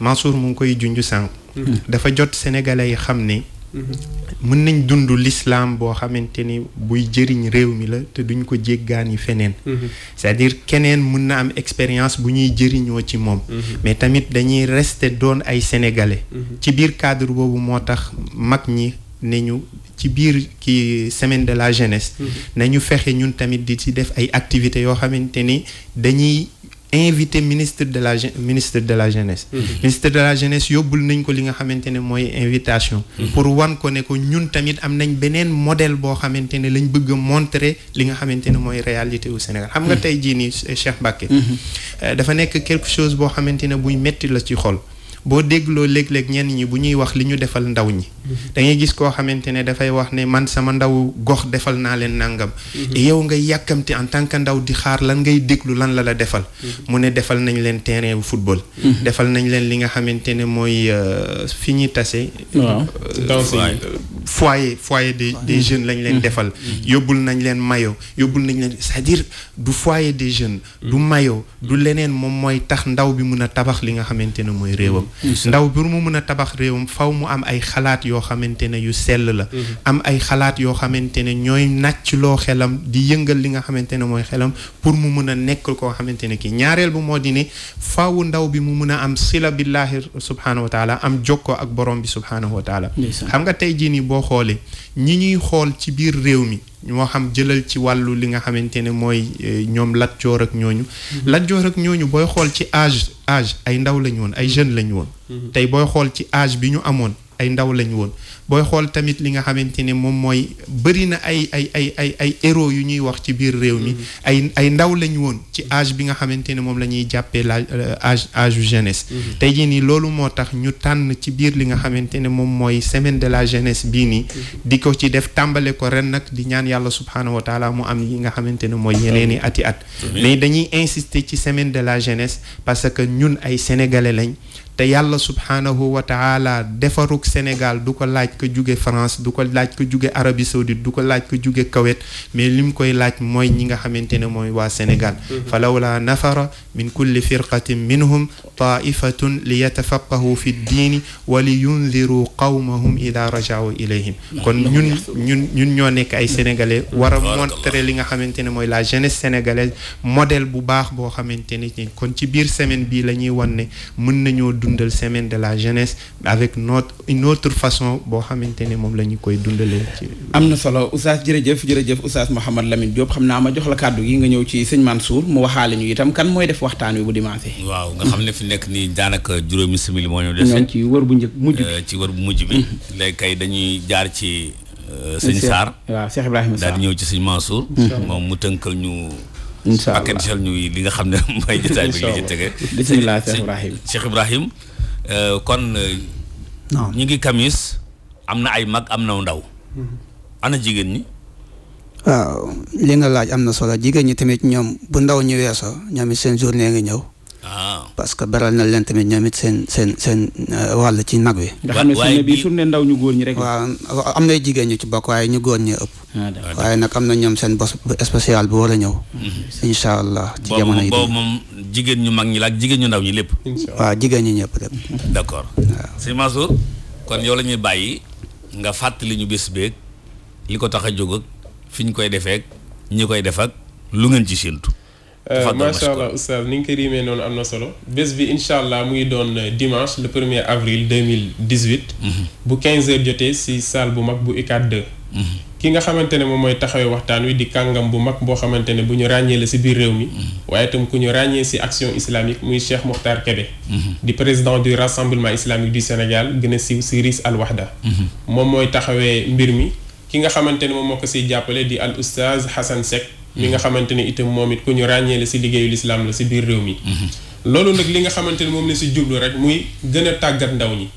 Mansour mu ngi koy junj sànq. dafa jot sénégalais yi xam ni. mën nañ dund lislaam boo xamante ni buy jëriñ réew mi la te duñ ko jéggaani feneen mhm. c'est-à-dire keneen mun na am expérience bu ñuy jëriñoo ci moom mhm. mais tamit dañuy rester doon ay sénégalais mhm. ci biir cadre boobu moo tax mag ñi ne ñu ci biir ki semaine de la jeunesse nañu fexe ñun tamit di ci def ay activités yoo xamante ni dañuy invité ministre de la ministre de la jeunesse. Mm-hmm. ministre de la jeunesse yóbbul nañ ko li nga xamante ne mooy invitation. Mm-hmm. pour wan ko ne ko ñun tamit am nañ beneen modelle boo xamante ne lañ bëgg a montrer li nga xamante ne mooy réalité au Sénégal xam nga mm-hmm. tey jii nii Cheikh Mbacké. Euh, dafa nekk quelque chose boo xamante ne buy metti la ci xol boo dégloo léeg-léeg ñenn ñi bu ñuy wax li ñu defal ndaw ñi. da ngay gis koo xamante ne dafay wax ne man sama ndaw gox defal naa leen nangam. Mhm. yow ngay yàkkamte en tant ndaw di xaar lan ngay déglu lan la la defal. Mhm. mu ne defal nañ leen terrain bu football. Mhm. defal nañ leen li nga xamante ne mooy euh, fi ñuy tase. waaw euh, foyer foyer des jeunes lañ leen defal. yóbbul nañ leen mayo yóbbul nañ leen cest dire du foyer des jeunes. du mayo du leneen moom mooy tax ndaw bi mun a tabax li nga xamante ne mooy réewam. ndaw bi mu mun a tabax réewam faw mu am ay xalaat yoo xamante ne yu sell la mm-hmm. am ay xalaat yoo xamante ne ñooy nàcc loo xelam di yëngal li nga xamante ne mooy xelam pour mu mun a nekk koo xamante ne kii ñaareel bu moo di ne ndaw bi mu mun a am sila billahi subhaanahu wa am jokkoo ak borom bi subhaanahu wa taala xam nga tey jii nii boo xoolee ñi ñuy xool ci biir réew mi moo xam jëlal ci wàllu li nga xamante ne mooy eh, ñoom Lat Joor ak ñooñu mm-hmm. Lat Joor ak ñooñu booy xool ci âge âge ay ndaw lañu woon ay jeune lañu woon mm-hmm. tey booy xool ci âge bi ñu amoon ay ndaw lañ woon booy xool tamit li nga xamante ne moom mooy bëri na ay ay ay ay ay héros yu ñuy wax ci biir réew mi mm-hmm. ay ay ndaw lañ woon ci âge bi nga xamante ne moom la ñuy jàppee la euh, âge âge mm-hmm. tey jii nii loolu moo tax ñu tànn ci biir li nga xamante ne moom mooy semaine de la jeunesse bii nii mm-hmm. di ko ci def tàmbale ko ren nag di ñaan yàlla subhaanahu wa taala mu am yi nga xamante ni mooy yeneeni ati at mais dañuy insister ci semaine de la jeunesse parce que ñun ay sénégalais lañ te yàlla subhaanahu wa taala defaruk Sénégal du ko laaj ko jóge France du ko laaj ko jóge Arabie Saoudite du ko laaj ko jóge kawet mais lim koy laaj mooy ñi nga xamante ne mooy waa Sénégal mm-hmm. fa lawla nafara min kulli firqatin minhum taifatun li yatafaqahu fi ddiini wa li yundiru qawmahum ida rajaau ilayhim kon ñun ñun ñoo nekk ay sénégalais mm-hmm. war a li nga xamante ne mooy la jeunesse sénégalaise modèle bu baax boo xamante ne kon ci biir semaine bii la ñuy wan ne dundal semaine de la jeunesse avec notre une autre façon boo xamante ne moom la ñu koy dundalee. am na solo Oustaz jërëjëf jërëjëf Oustaz Mouhamed Lamine Diop xam naa ma jox la kàddu gi nga ñëw ci sëñ Mansour mu waxaale ñu itam kan mooy def waxtaan wi bu dimanche. waaw nga xam ne fi nekk nii daanaka juróomi simili moo ñu. dese ci wër bu njëkk mujj bi euh, ci wër bu mujj bi. Mm-hmm. léegi kay dañuy jaar ci. Euh, sëñ Saar waaw Cheikh Ibrahima Saar daal ci sëñ Mansour. Mm-hmm. moom mu tënkal ñu. incha allah akkentel ñuy li nga xam ne *laughs* mooy jotaay bi li ci tege bisimilah Cheikh Ibrahim Cheikh Ibrahim euh, kon euh, ñu ngi kamis am na ay mag am na ndaw mhm. na jigéen ñi waaw li nga laaj am na solo jigéen ñi tamit ñoom bu ndaw ñu weesoo ñoom it seen journée ngi ñëw Ah. parce que baral na leen tamit ñoom it seen seen seen euh, wàll ci nag wi. nga xam ne bii surne ndaw ñu góor ñi rek. waaw am nay jigéen ñu ci bokk waaye ñu góor ñi ëpp. Ah, waaye nag am na ñoom seen bos spécial bi war a ñëw. Mhm. incha allah ci jamono yi boobu moom jigéen ñu mag ñi la jigéen ñu ndaw ñi lépp. waaw jigéen ñi ñëpp lépp. d' accord waaw si Mansour kon yow lañuy bàyyi nga fàttali ñu bés beeg li ko tax a jóg ak fi ñu koy defeek ñu koy def ak lu ngeen ci séentu. Euh, macha allah oustaz ni nga ko riimee noonu am na solo bés bi incha allah mu ngi doon euh, dimanche le premier avril deux mille dix huit mhm. bu quinze jotee si salle bu mag bu UCAD 2 mhm. ki nga xamante ne moom mooy taxawee waxtaan wi di kàngam bu mag boo xamante ne bu ñu ràññee la si biir réew mi mhm. waaye itam ku ñu ràññee si action islamique muy Cheikh Mokhtar Kébé di président du rassemblement islamique du Sénégal gën a siiw si RIS Al Wahda moom mooy taxawee mbir mi ki nga xamante ne moom moo ko siy jàppale di al oustaz Hassan mi nga xamante ne itam moom it ku ñu ràññee la si liggéeyu lislaam la si biir réew mi loolu nag li nga xamante ne moom la si jublu rek muy gën a tàggat ndaw ñi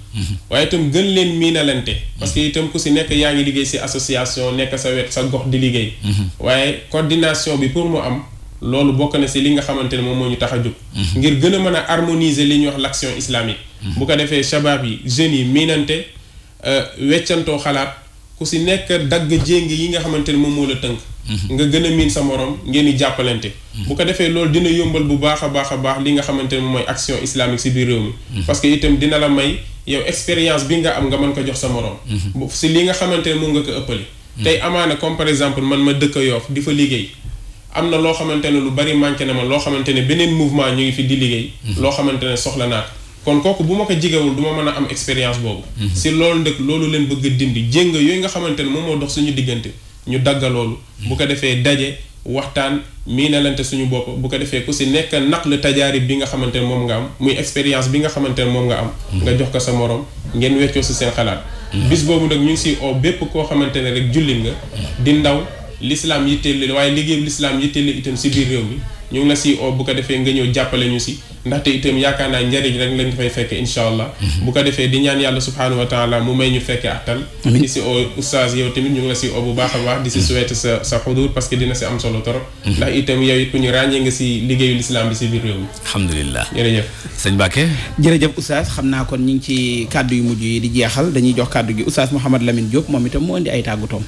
waaye itam gën leen miinalante parce que itam ku si nekk yaa ngi liggéey si association nekk sa wet sa gox di liggéey waaye coordination bi pour mu am loolu bokk na si li nga xamante ne moom moo ñu tax a jóg ngir gën a mën a harmoniser li ñuy wax l'action islamique bu ko defee shabab yi jeunes yi miinante euh, weccantoo xalaat ku si nekk dagg jéngi yi nga xamante ne moom moo la tënk Mm-hmm. nga gën a miin sa morom ngeen jàppalante. Mm-hmm. bu ko defee loolu dina yombal bu baax a baax a baax li nga xamante ne mooy action islamique si biir réew mi. Mm-hmm. parce que itam dina la may yow expérience bi nga am nga mën ko jox sa morom. si li nga xamante ne moom nga ko ëppale. tey amaana exemple man ma dëkk Yoff di fa liggéey. am na loo xamante ne lu bari manqué na ma loo xamante ne beneen mouvement ñu ngi fi di liggéey. loo xamante ne soxla naa kon kooku bu ma ko jigewul du ma mën a am expérience boobu. si loolu ndëkk loolu leen bëgg a dindi jéng nga xamante ne moom moo dox suñu diggante. ñu dagga loolu bu ko defee daje waxtaan miinalante suñu bopp bu ko defee ku si nekk naql tajaarib bi nga xamante ne moom nga am muy expérience bi nga xamante ne moom nga am nga jox ko sa moroom ngeen weccoo si seen xalaat bis boobu nag ñu ngi si oo bépp koo xamante ne rek jullit nga di ndaw lislaam yitteel la waaye liggéey lislaam yi la itam si biir réew mi ñu ngi si oo bu ko defee nga ñëw jàppale ñu si ndaxte itam yaakaar naa njariñ rek lañ fay fekke incha allah mhm. bu ko defee di ñaan yàlla subhaanahu wa taala mu may ñu fekke attal di si tamit ñu ngi la si oo bu baax a baax di si mhm. souhaité sa sa dina si am solo torop mhm. ndax itam ñu ràññee nga si liggéeyu lislaam bi si biir réew mi alhamdulilah jërëjëf sëñ Mbacke jërëjëf xam naa kon ñu ngi ci kàddu yu mujj yi di jeexal dañuy jox kàddu gi oustaz Mouhamed Lamine Diop moom itam ay tàggutoom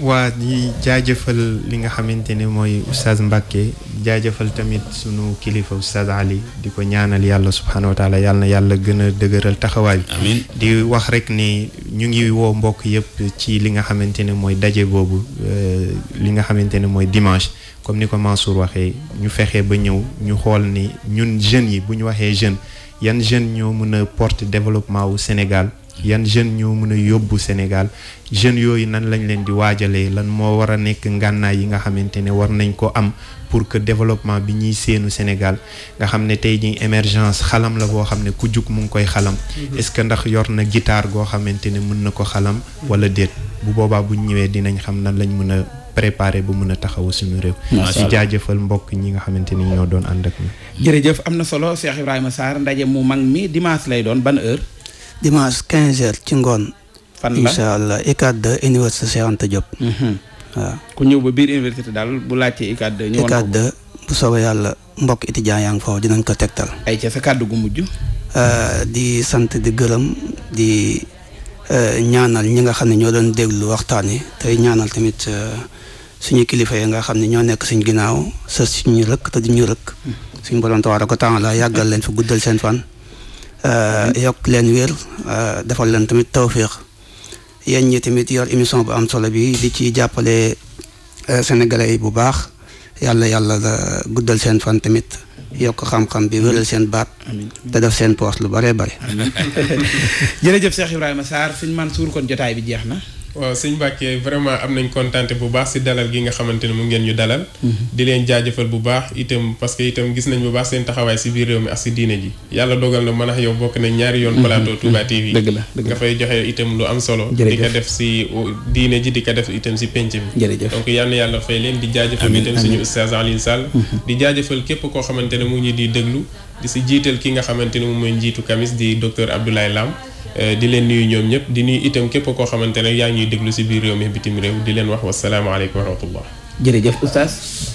waa di jaajëfal li nga xamante ne mooy oustaz Mbacke jaajëfal tamit sunu kilifa oustaz Ali ko ñaanal yàlla subhaanahu wa yàlla na yàlla gën a dëgëral taxawaay di wax rek ni ñu ngi woo mbokk yëpp ci li nga xamante ne mooy daje boobu euh, li nga xamante ni mooy dimanche comme ni ko Mansour waxee ñu fexe ba ñëw ñu xool ni ñun jeunes yi bu ñu waxee jeune yan jeunes ñoo mën a porte développement wu Sénégal yan jeunes ñoo mën a yóbbu Sénégal jeunes yooyu nan lañ leen di waajalee lan moo war a nekk ngànnaay yi nga xamante ne war nañ ko am pour que développement bi ñuy séenu Sénégal nga xam ne tey jii émergence xalam la boo xam ne ku jug mu ngi koy xalam. Mhm. est-ce que ndax yor na guitare goo xamante ne mën na ko xalam. Mhm. wala déet bu boobaa buñ ñëwee dinañ xam nan lañ mën a. préparé bu mën a taxawu suñu réew si jaajëfal mbokk ñi nga xamante ni ñoo doon ànd ak ñun jërëjëf dimanche quinze heures ci ngoon. fan la incha allah ECAT 2 université Cheikh Anta Diop. Mhm. waaw ku ñëw ba biir université daal bu laajtee ECAT 2. ñu wan ko ECAT yàlla mbokk étudiants yaa ngi foofu dinañ ko tegtal. ay ca sa kàddu gu mujj. Euh, di sant di gërëm di euh, ñaanal ñi nga xam ne ñoo doon déglu waxtaan yi tey ñaanal tamit. Euh, suñu kilifa yi nga xam ne ñoo nekk suñu ginnaaw sës suñu rëkk te duñu rëkk mm. suñu borom tabaaraka wa taala yàggal leen fi guddal seen fan Euh, yokk leen wér euh, defal leen tamit tawféex yéen ñi tamit yor émission bu am solo bi di ci jàppale euh, sénégalais yi bu baax yàlla yàlla guddal seen fan tamit yokk xam-xam bi wéral seen baat te def seen poos lu bare bare *laughs* jërëjëf Cheikh Ibrahima Sarr suñ Mansour kon jotaay bi jeex na waaw suñ Mbacke vraiment am nañ kontante bu baax si dalal gi nga xamante ne mu ngeen ñu dalal. Mhm. di leen jaajafal bu baax itam parce que itam gis nañ bu baax seen taxawaay si biir réew mi ak si diine dogal na man ak bokk nañ ñaari yoon. Mhm. plateau Touba TV dëgg la nga fay joxe itam lu am solo. di ko def si diine ji di ko def itam si penc mi. jërëjëf donc yàlla yàlla fay leen di jaajëfal itam suñu oustaz Alioune Sall. Mhm. di jaajëfal képp koo xamante ne mu ngi di déglu di si jiital ki nga xamante ne moom mooy njiitu kamis di docteur Abdoulaye Lam Euh, di leen nuyu ñoom ñëpp di nuyu itam képp koo xamante ne yaa ngi déglu si biir réew mi bitim réew di leen wax wasalaamaaleykum wa rahmatullah jërëjëf oustaz.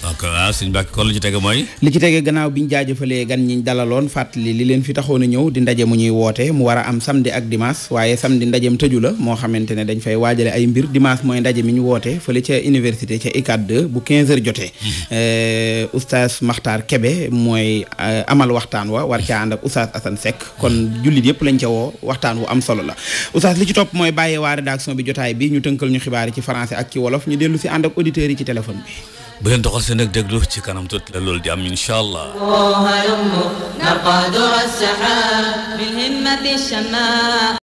ok waaw sëñ Mbacke kon li ci tege mooy. li ci tege gannaaw bi ñu jaajëfalee gan ñi dalaloon fàttali li leen fi taxoon a ñëw di ndaje mu ñuy woote mu war am samedi ak dimanche waaye samedi ndajem tëju la moo xamante ne dañ fay waajale ay mbir dimanche mooy ndaje mi ñu woote fële ca université ci ICAT 2 bu 15h jotee. Mm-hmm. Eh, oustaz Makhtar Kebe mooy eh, amal waxtaan wa war caa ànd ak oustaz Assane Seck kon jullit yëpp lañ ca woo waxtaan wu am solo la oustaz li ci topp mooy bàyyee waa rédaction bi yi ci français ak téléphone bi bu leen doxal seen ak déglu ci kanam tuuti la loolu di am incha allah naqadura saxaab bi himmati shamaa